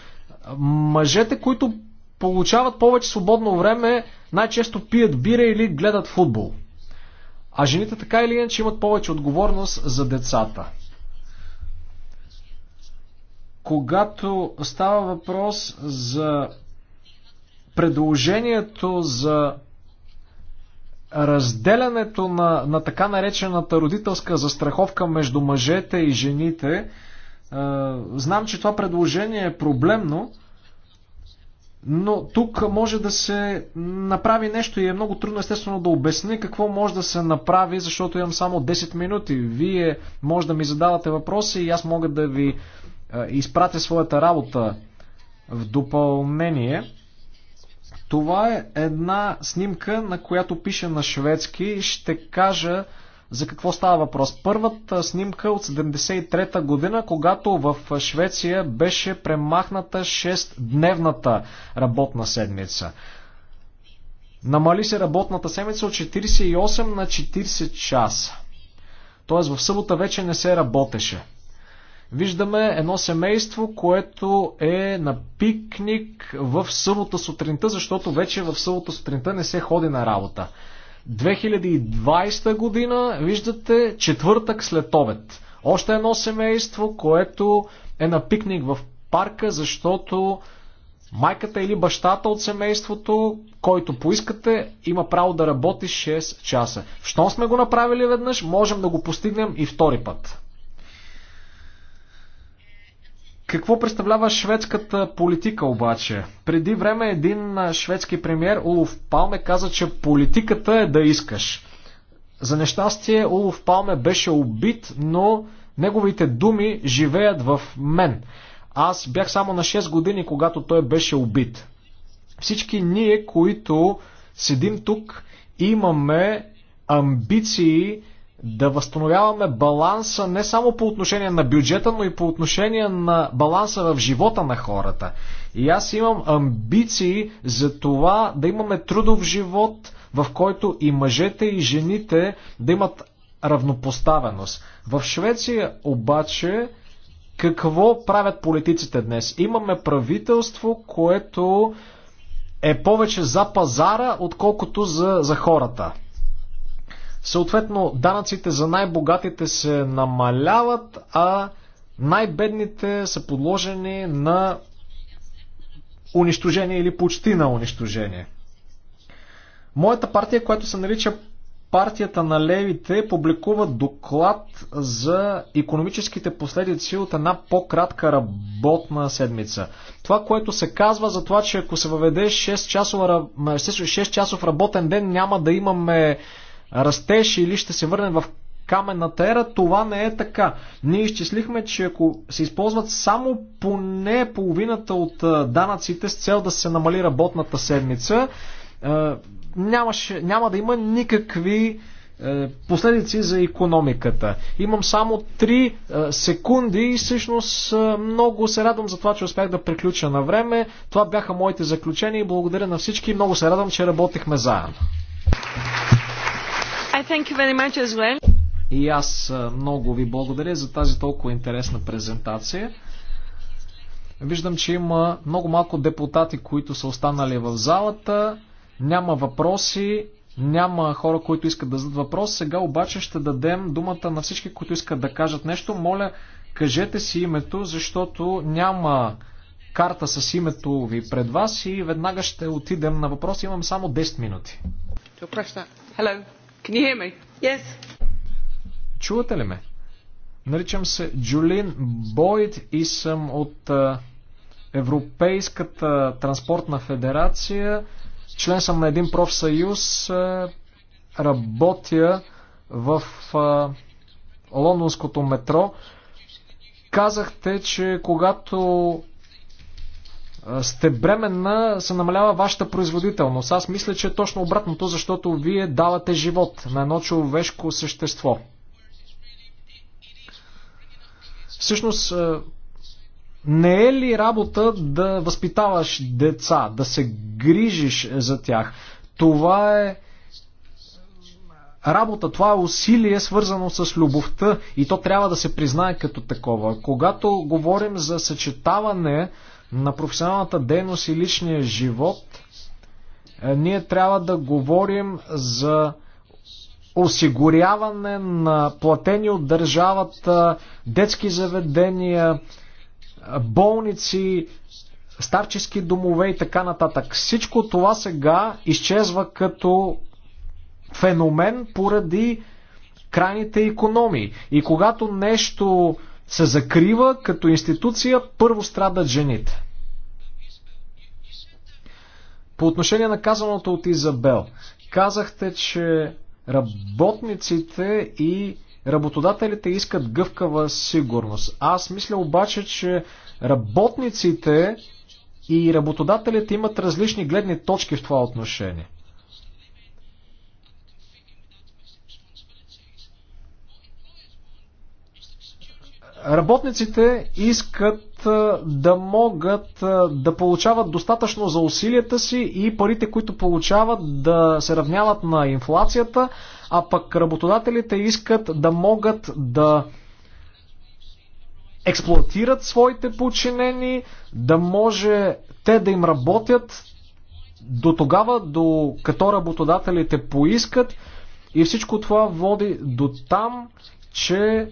Мъжете, които получават повече свободно време, най-често пият бира или гледат футбол. А жените така или иначе имат повече отговорност за децата. Когато става въпрос за предложението за разделянето на, на така наречената родителска застраховка между мъжете и жените, знам, че това предложение е проблемно, но тук може да се направи нещо и е много трудно естествено да обясня какво може да се направи, защото имам само 10 минути. Вие може да ми задавате въпроси и аз мога да ви изпратя своята работа в допълнение. Това е една снимка, на която пише на шведски. Ще кажа за какво става въпрос? Първата снимка от 73-та година, когато в Швеция беше премахната 6-дневната работна седмица. Намали се работната седмица от 48 на 40 часа. Тоест в събота вече не се работеше. Виждаме едно семейство, което е на пикник в събота сутринта, защото вече в събота сутринта не се ходи на работа. 2020 година, виждате, четвъртък след обед. Още едно семейство, което е на пикник в парка, защото майката или бащата от семейството, който поискате, има право да работи 6 часа. Щом сме го направили веднъж, можем да го постигнем и втори път. Какво представлява шведската политика обаче? Преди време един шведски премьер Улов Палме каза, че политиката е да искаш. За нещастие Улов Палме беше убит, но неговите думи живеят в мен. Аз бях само на 6 години, когато той беше убит. Всички ние, които седим тук, имаме амбиции да възстановяваме баланса не само по отношение на бюджета, но и по отношение на баланса в живота на хората. И аз имам амбиции за това да имаме трудов живот, в който и мъжете и жените да имат равнопоставеност. В Швеция обаче какво правят политиците днес? Имаме правителство, което е повече за пазара, отколкото за, за хората. Съответно, данъците за най-богатите се намаляват, а най-бедните са подложени на унищожение или почти на унищожение. Моята партия, която се нарича партията на левите публикува доклад за економическите последици от една по-кратка работна седмица. Това, което се казва за това, че ако се въведе 6 часов, 6 часов работен ден, няма да имаме растеж или ще се върнем в каменната ера, това не е така. Ние изчислихме, че ако се използват само поне половината от данъците с цел да се намали работната седмица, нямаше, няма да има никакви последици за економиката. Имам само 3 секунди и всъщност много се радвам за това, че успях да приключа на време. Това бяха моите заключения и благодаря на всички. Много се радвам, че работехме заедно. И аз много ви благодаря за тази толкова интересна презентация. Виждам, че има много малко депутати, които са останали в залата. Няма въпроси, няма хора, които искат да зададат въпрос. Сега обаче ще дадем думата на всички, които искат да кажат нещо. Моля, кажете си името, защото няма карта с името ви пред вас и веднага ще отидем на въпрос. Имам само 10 минути. Hello. Can you hear me? Yes. Чувате ли ме? Наричам се Джулин Бойд и съм от Европейската транспортна федерация. Член съм на един профсъюз. Работя в Лондонското метро. Казахте, че когато сте бременна, се намалява вашата производителност. Аз мисля, че е точно обратното, защото вие давате живот на едно човешко същество. Всъщност, не е ли работа да възпитаваш деца, да се грижиш за тях? Това е работа, това е усилие свързано с любовта и то трябва да се признае като такова. Когато говорим за съчетаване на професионалната дейност и личния живот, е, ние трябва да говорим за осигуряване на платени от държавата детски заведения, е, болници, старчески домове и така нататък. Всичко това сега изчезва като феномен поради крайните економии. И когато нещо се закрива като институция, първо страдат жените. По отношение на казаното от Изабел, казахте, че работниците и работодателите искат гъвкава сигурност. Аз мисля обаче, че работниците и работодателите имат различни гледни точки в това отношение. Работниците искат да могат да получават достатъчно за усилията си и парите, които получават да се равняват на инфлацията, а пък работодателите искат да могат да експлуатират своите подчинени, да може те да им работят до тогава, до като работодателите поискат и всичко това води до там, че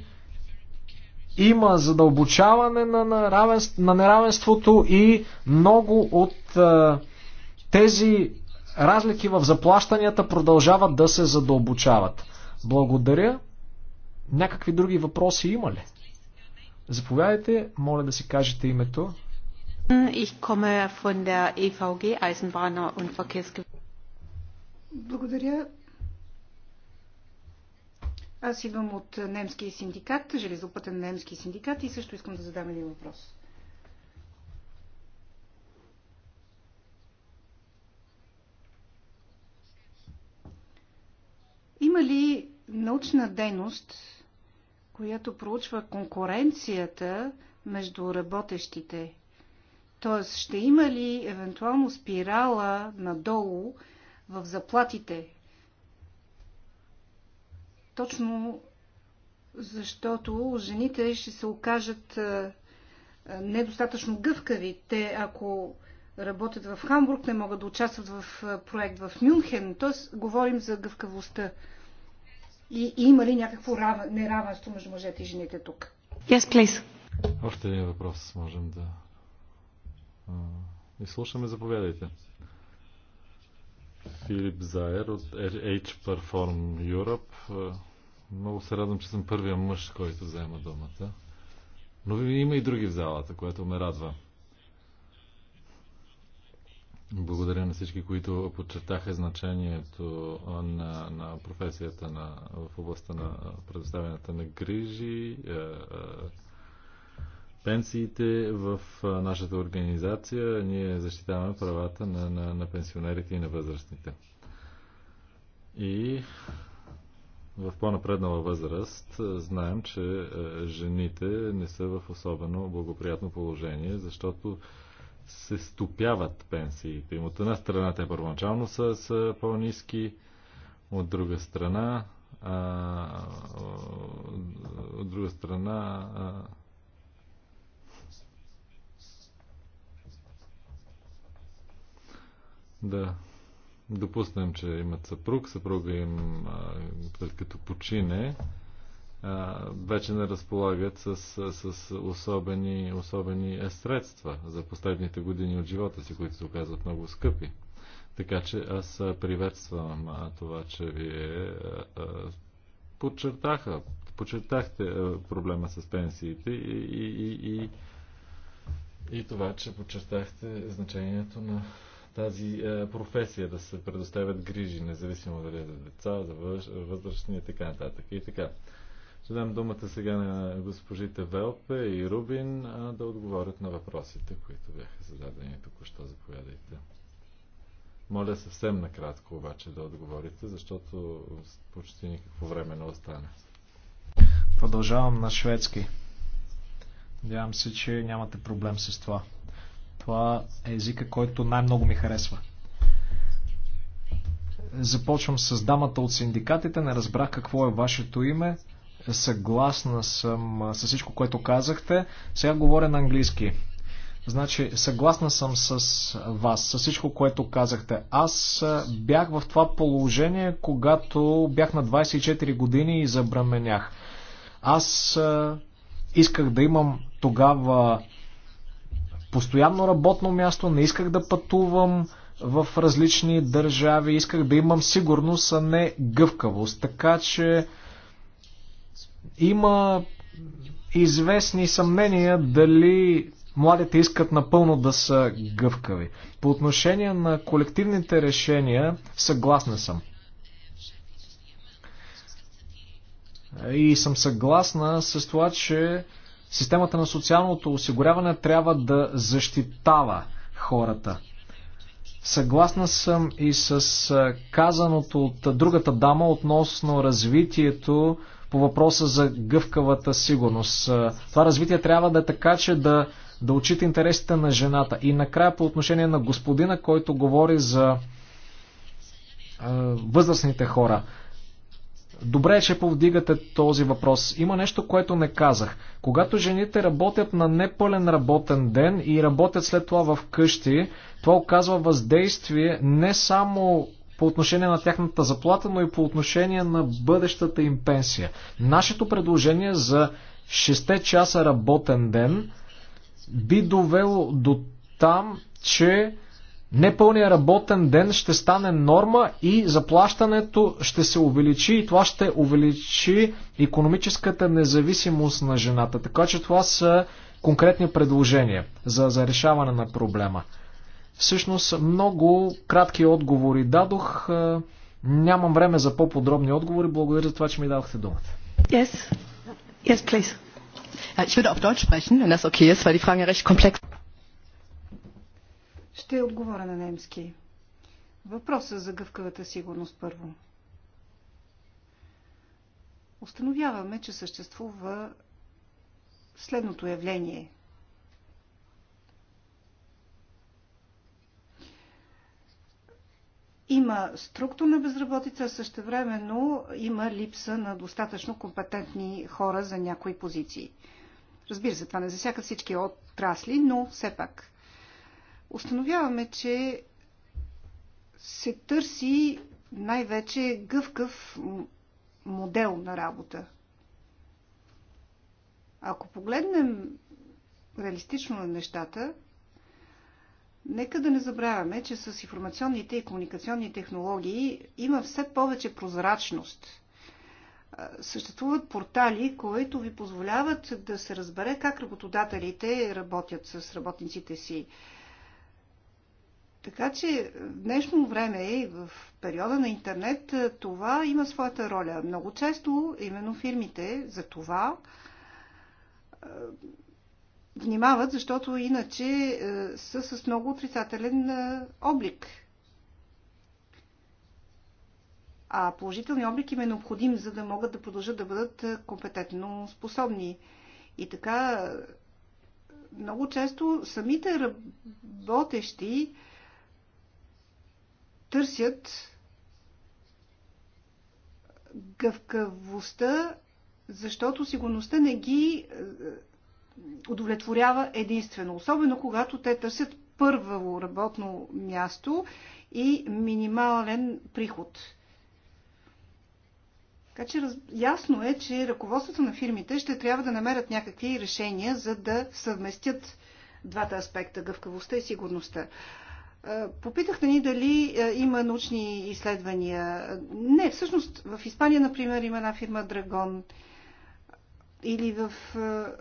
има задълбочаване на, неравенство, на неравенството и много от а, е, тези разлики в заплащанията продължават да се задълбочават. Благодаря. Някакви други въпроси има ли? Заповядайте, моля да си кажете името. Ich komme von der EVG Eisenbahner und Благодаря. Аз идвам от немския синдикат, железопътен немски синдикат и също искам да задам един въпрос. Има ли научна дейност, която проучва конкуренцията между работещите? Тоест, ще има ли евентуално спирала надолу в заплатите точно защото жените ще се окажат недостатъчно гъвкави. Те, ако работят в Хамбург, не могат да участват в проект в Мюнхен. Т.е. говорим за гъвкавостта. И, и има ли някакво неравенство между мъжете и жените тук? Yes, please. Още един въпрос можем да изслушаме. Заповядайте. Филип Заер от H Perform Europe. Много се радвам, че съм първия мъж, който взема думата. Но има и други в залата, което ме радва. Благодаря на всички, които подчертаха значението на, на професията на, в областта на предоставянето на грижи. Е, е, пенсиите в нашата организация. Ние защитаваме правата на, на, на пенсионерите и на възрастните. И в по-напреднала възраст знаем, че жените не са в особено благоприятно положение, защото се стопяват пенсиите им. От една страна те първоначално са, са по-низки, от друга страна а, от друга страна а, да допуснем, че имат съпруг, съпруга им, след като почине, вече не разполагат с, с особени, особени е, средства за последните години от живота си, които се оказват много скъпи. Така че аз приветствам това, че вие подчертаха, подчертахте проблема с пенсиите и, и, и, и, и това, че подчертахте значението на тази е, професия, да се предоставят грижи, независимо дали е за деца, за възрастни и така нататък. И така. Ще дам думата сега на госпожите Велпе и Рубин а, да отговорят на въпросите, които бяха зададени току-що. Заповядайте. Моля съвсем накратко обаче да отговорите, защото почти никакво време не остане. Продължавам на шведски. Надявам се, че нямате проблем с това. Това е езика, който най-много ми харесва. Започвам с дамата от синдикатите. Не разбрах какво е вашето име. Съгласна съм с всичко, което казахте. Сега говоря на английски. Значи, съгласна съм с вас, с всичко, което казахте. Аз бях в това положение, когато бях на 24 години и забраменях. Аз исках да имам тогава постоянно работно място, не исках да пътувам в различни държави, исках да имам сигурност, а не гъвкавост. Така че има известни съмнения дали младите искат напълно да са гъвкави. По отношение на колективните решения, съгласна съм. И съм съгласна с това, че Системата на социалното осигуряване трябва да защитава хората. Съгласна съм и с казаното от другата дама относно развитието по въпроса за гъвкавата сигурност. Това развитие трябва да е така, че да, да учите интересите на жената. И накрая по отношение на господина, който говори за възрастните хора. Добре, е, че повдигате този въпрос. Има нещо, което не казах. Когато жените работят на непълен работен ден и работят след това в къщи, това оказва въздействие не само по отношение на тяхната заплата, но и по отношение на бъдещата им пенсия. Нашето предложение за 6 часа работен ден би довело до там, че Непълният работен ден ще стане норма и заплащането ще се увеличи и това ще увеличи економическата независимост на жената. Така че това са конкретни предложения за, за решаване на проблема. Всъщност много кратки отговори дадох. Е, нямам време за по-подробни отговори. Благодаря за това, че ми дадохте думата. Yes. Yes, please. Äh, ich würde auf Deutsch sprechen, wenn das okay ist, weil die Fragen ja recht komplex sind. Ще отговоря на немски. Въпроса за гъвкавата сигурност първо. Установяваме, че съществува следното явление. Има структурна безработица, същевременно има липса на достатъчно компетентни хора за някои позиции. Разбира се, това не засяга всички отрасли, но все пак установяваме, че се търси най-вече гъвкав модел на работа. Ако погледнем реалистично на нещата, нека да не забравяме, че с информационните и комуникационни технологии има все повече прозрачност. Съществуват портали, които ви позволяват да се разбере как работодателите работят с работниците си така че в днешно време и в периода на интернет е, това има своята роля. Много често именно фирмите за това е, внимават, защото иначе е, са с много отрицателен облик. А положителният облик им е необходим, за да могат да продължат да бъдат компетентно способни. И така, много често самите работещи търсят гъвкавостта, защото сигурността не ги е, удовлетворява единствено. Особено когато те търсят първо работно място и минимален приход. Така че ясно е, че ръководството на фирмите ще трябва да намерят някакви решения, за да съвместят двата аспекта гъвкавостта и сигурността. Е, попитахте ни дали е, има научни изследвания. Не, всъщност в Испания, например, има една фирма Драгон. Или в е,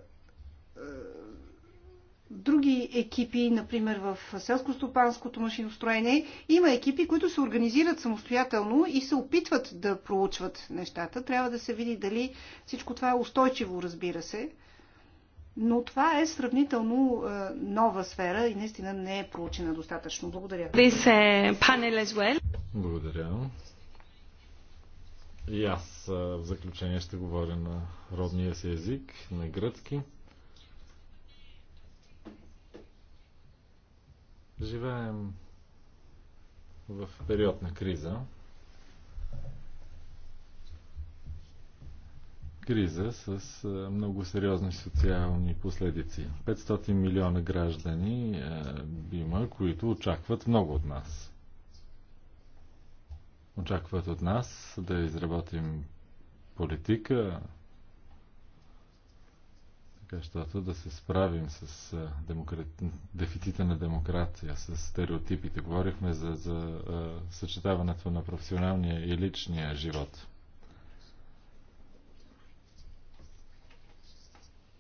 други екипи, например в селско-стопанското машиностроение, има екипи, които се организират самостоятелно и се опитват да проучват нещата. Трябва да се види дали всичко това е устойчиво, разбира се. Но това е сравнително е, нова сфера и наистина не е проучена достатъчно. Благодаря. Е, well. Благодаря. И аз е, в заключение ще говоря на родния си език, на гръцки. Живеем в период на криза. криза с много сериозни социални последици. 500 милиона граждани има, които очакват много от нас. Очакват от нас да изработим политика, така щото да се справим с демокра... дефицита на демокрация, с стереотипите. Говорихме за, за съчетаването на професионалния и личния живот –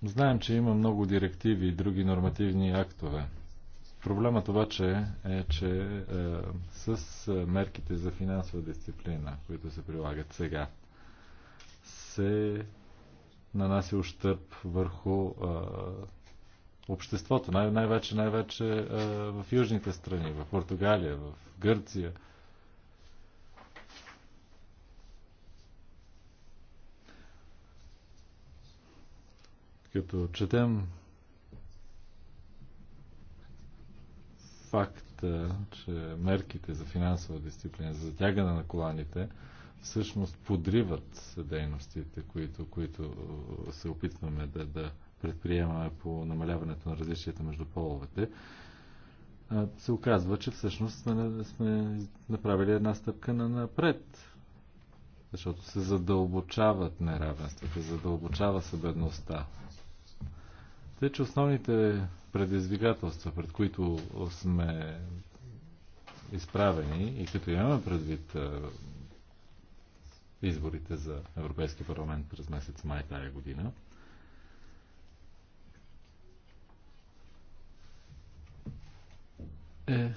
Знаем, че има много директиви и други нормативни актове. Проблемът обаче е, че е, с е, мерките за финансова дисциплина, които се прилагат сега, се нанася ущърп върху е, обществото. Най- вече най-вече е, в южните страни, в Португалия, в Гърция – Като четем факта, че мерките за финансова дисциплина, за затягане на коланите, всъщност подриват дейностите, които, които се опитваме да, да предприемаме по намаляването на различията между половете, се оказва, че всъщност сме, направили една стъпка на напред. Защото се задълбочават неравенствата, задълбочава се бедността, те, че основните предизвикателства, пред които сме изправени и като имаме предвид изборите за Европейски парламент през месец май тая година, е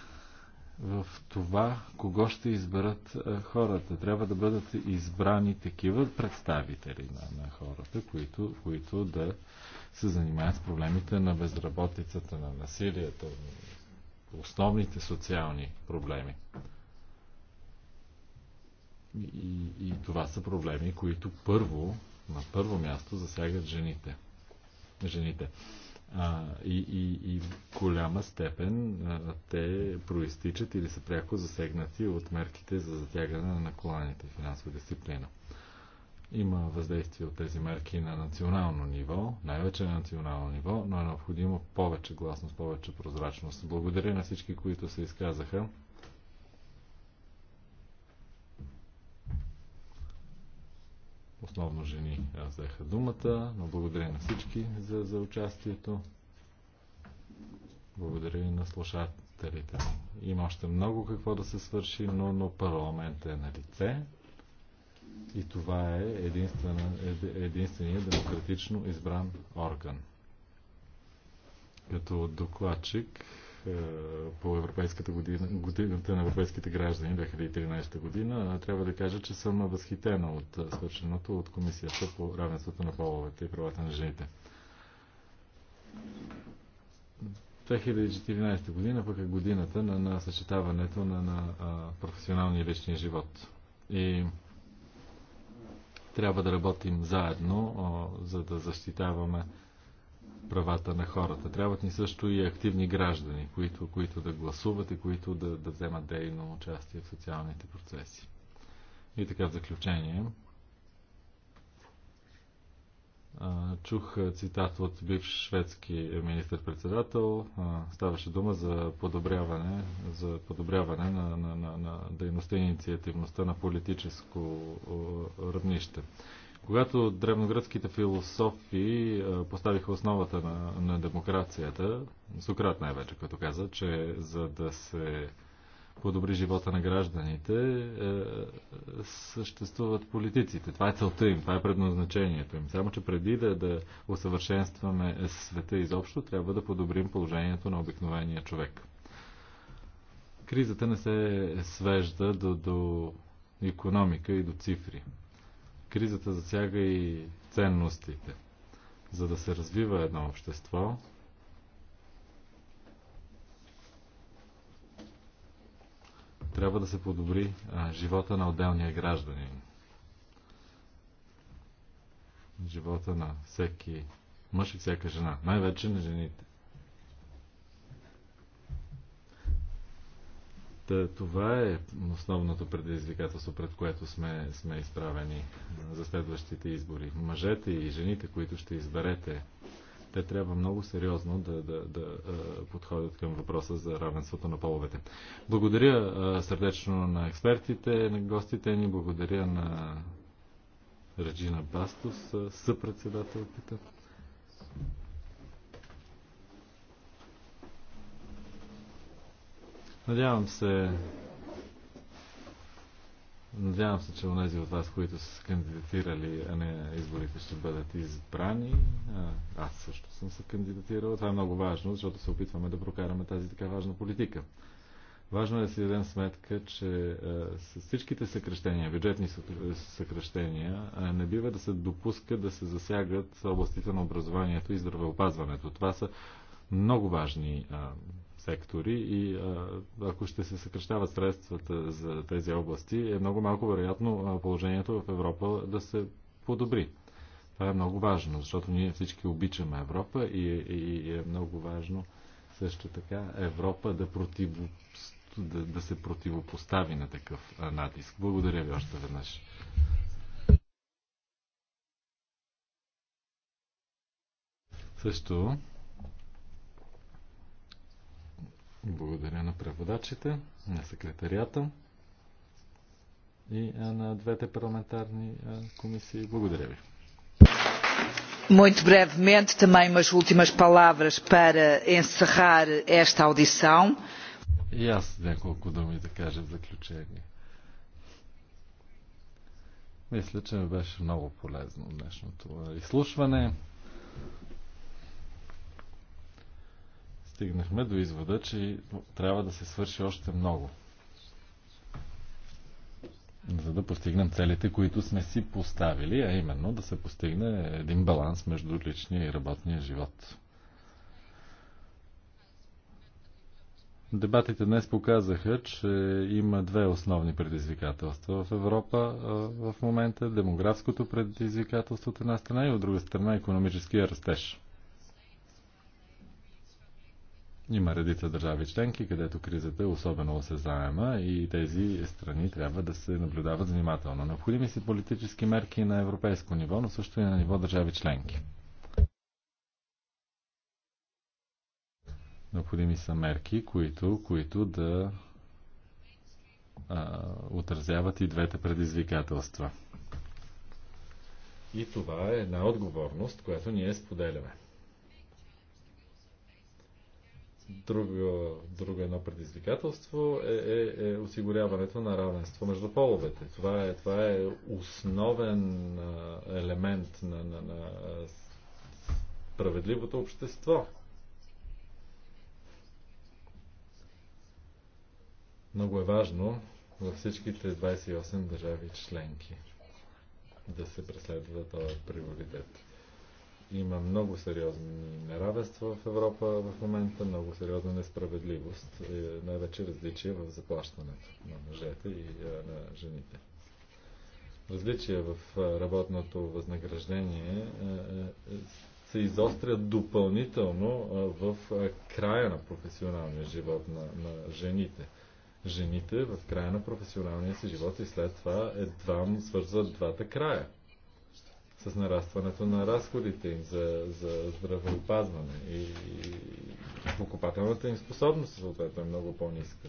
в това, кого ще изберат е, хората. Трябва да бъдат избрани такива представители на, на хората, които, които да се занимават с проблемите на безработицата, на насилието, основните социални проблеми. И, и това са проблеми, които първо, на първо място засягат жените. Жените. А, и, и, и в голяма степен а, те проистичат или са пряко засегнати от мерките за затягане на наколаните финансова дисциплина. Има въздействие от тези мерки на национално ниво, най-вече на национално ниво, но е необходимо повече гласност, повече прозрачност. Благодаря на всички, които се изказаха. Основно жени взеха думата, но благодаря на всички за, за участието. Благодаря и на слушателите. Има още много какво да се свърши, но, но парламент е на лице. И това е единствения демократично избран орган. Като докладчик е, по Европейската година, годината на европейските граждани 2013 година, трябва да кажа, че съм възхитена от е, свършеното от Комисията по равенството на половете и правата на жените. 2014 година пък е годината на, на съчетаването на, на професионалния и личния живот. И трябва да работим заедно, а, за да защитаваме правата на хората. Трябват ни също и активни граждани, които, които да гласуват и които да, да вземат дейно участие в социалните процеси. И така в заключение. Чух цитат от бивш шведски министр-председател. Ставаше дума за подобряване, за подобряване на, на, на, на дейността и инициативността на политическо равнище. Когато древногръцките философи поставиха основата на, на демокрацията, Сократ най-вече, като каза, че за да се подобри живота на гражданите, съществуват политиците. Това е целта им, това е предназначението им. Само, че преди да, да усъвършенстваме света изобщо, трябва да подобрим положението на обикновения човек. Кризата не се свежда до, до економика и до цифри кризата засяга и ценностите. За да се развива едно общество, трябва да се подобри а, живота на отделния гражданин. Живота на всеки мъж и всяка жена. Най-вече на жените. Та, това е основното предизвикателство, пред което сме, сме изправени за следващите избори. Мъжете и жените, които ще изберете, те трябва много сериозно да, да, да подходят към въпроса за равенството на половете. Благодаря сърдечно на експертите, на гостите ни, благодаря на Реджина Бастус, съпредседателката. Надявам се, надявам се, че онези от вас, които са кандидатирали а не изборите, ще бъдат избрани. Аз също съм се кандидатирал. Това е много важно, защото се опитваме да прокараме тази така важна политика. Важно е да си дадем сметка, че а, с всичките съкръщения, бюджетни съкръщения, а, не бива да се допуска да се засягат областите на образованието и здравеопазването. Това са много важни а, сектори и ако ще се съкрещават средствата за тези области, е много малко вероятно положението в Европа да се подобри. Това е много важно, защото ние всички обичаме Европа и, и, и е много важно също така Европа да, против, да, да се противопостави на такъв натиск. Благодаря ви още веднъж. Също Благодаря на преводачите, на секретарията и на двете парламентарни комисии. Благодаря ви. Muito brevemente, também umas últimas palavras para encerrar esta audição. И аз няколко думи да кажа в заключение. Мисля, че беше много полезно днешното изслушване стигнахме до извода, че трябва да се свърши още много, за да постигнем целите, които сме си поставили, а именно да се постигне един баланс между личния и работния живот. Дебатите днес показаха, че има две основни предизвикателства в Европа в момента. Демографското предизвикателство от една страна и от друга страна економическия растеж. Има редица държави членки, където кризата е особено осезаема и тези страни трябва да се наблюдават внимателно. Необходими си политически мерки на европейско ниво, но също и на ниво държави членки. Необходими са мерки, които, които да а, отразяват и двете предизвикателства. И това е една отговорност, която ние споделяме. Друго, друго едно предизвикателство е, е, е осигуряването на равенство между половете. Това е, това е основен елемент на, на, на справедливото общество. Много е важно във всичките 28 държави членки да се преследва този приоритет. Има много сериозни неравенства в Европа в момента, много сериозна несправедливост, най-вече различия в заплащането на мъжете и на жените. Различия в работното възнаграждение се изострят допълнително в края на професионалния живот на, на жените. Жените в края на професионалния си живот и след това едва свързват двата края с нарастването на разходите им за, за здравеопазване и, и покупателната им способност съответно е много по-ниска.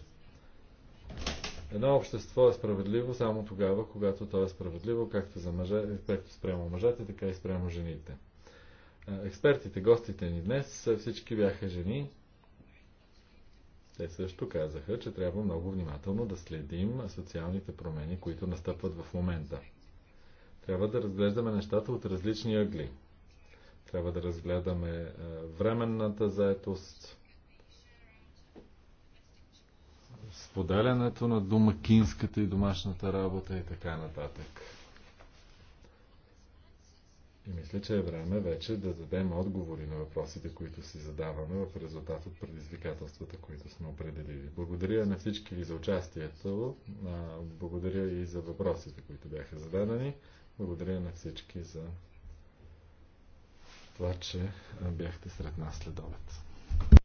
Едно общество е справедливо само тогава, когато то е справедливо както, за мъже, както спрямо мъжете, така и спрямо жените. Експертите, гостите ни днес, всички бяха жени. Те също казаха, че трябва много внимателно да следим социалните промени, които настъпват в момента. Трябва да разглеждаме нещата от различни ъгли. Трябва да разгледаме е, временната заетост, споделянето на домакинската и домашната работа и така нататък. И мисля, че е време вече да дадем отговори на въпросите, които си задаваме в резултат от предизвикателствата, които сме определили. Благодаря на всички ви за участието. Благодаря и за въпросите, които бяха зададени. Благодаря на всички за това, че бяхте сред нас след обед.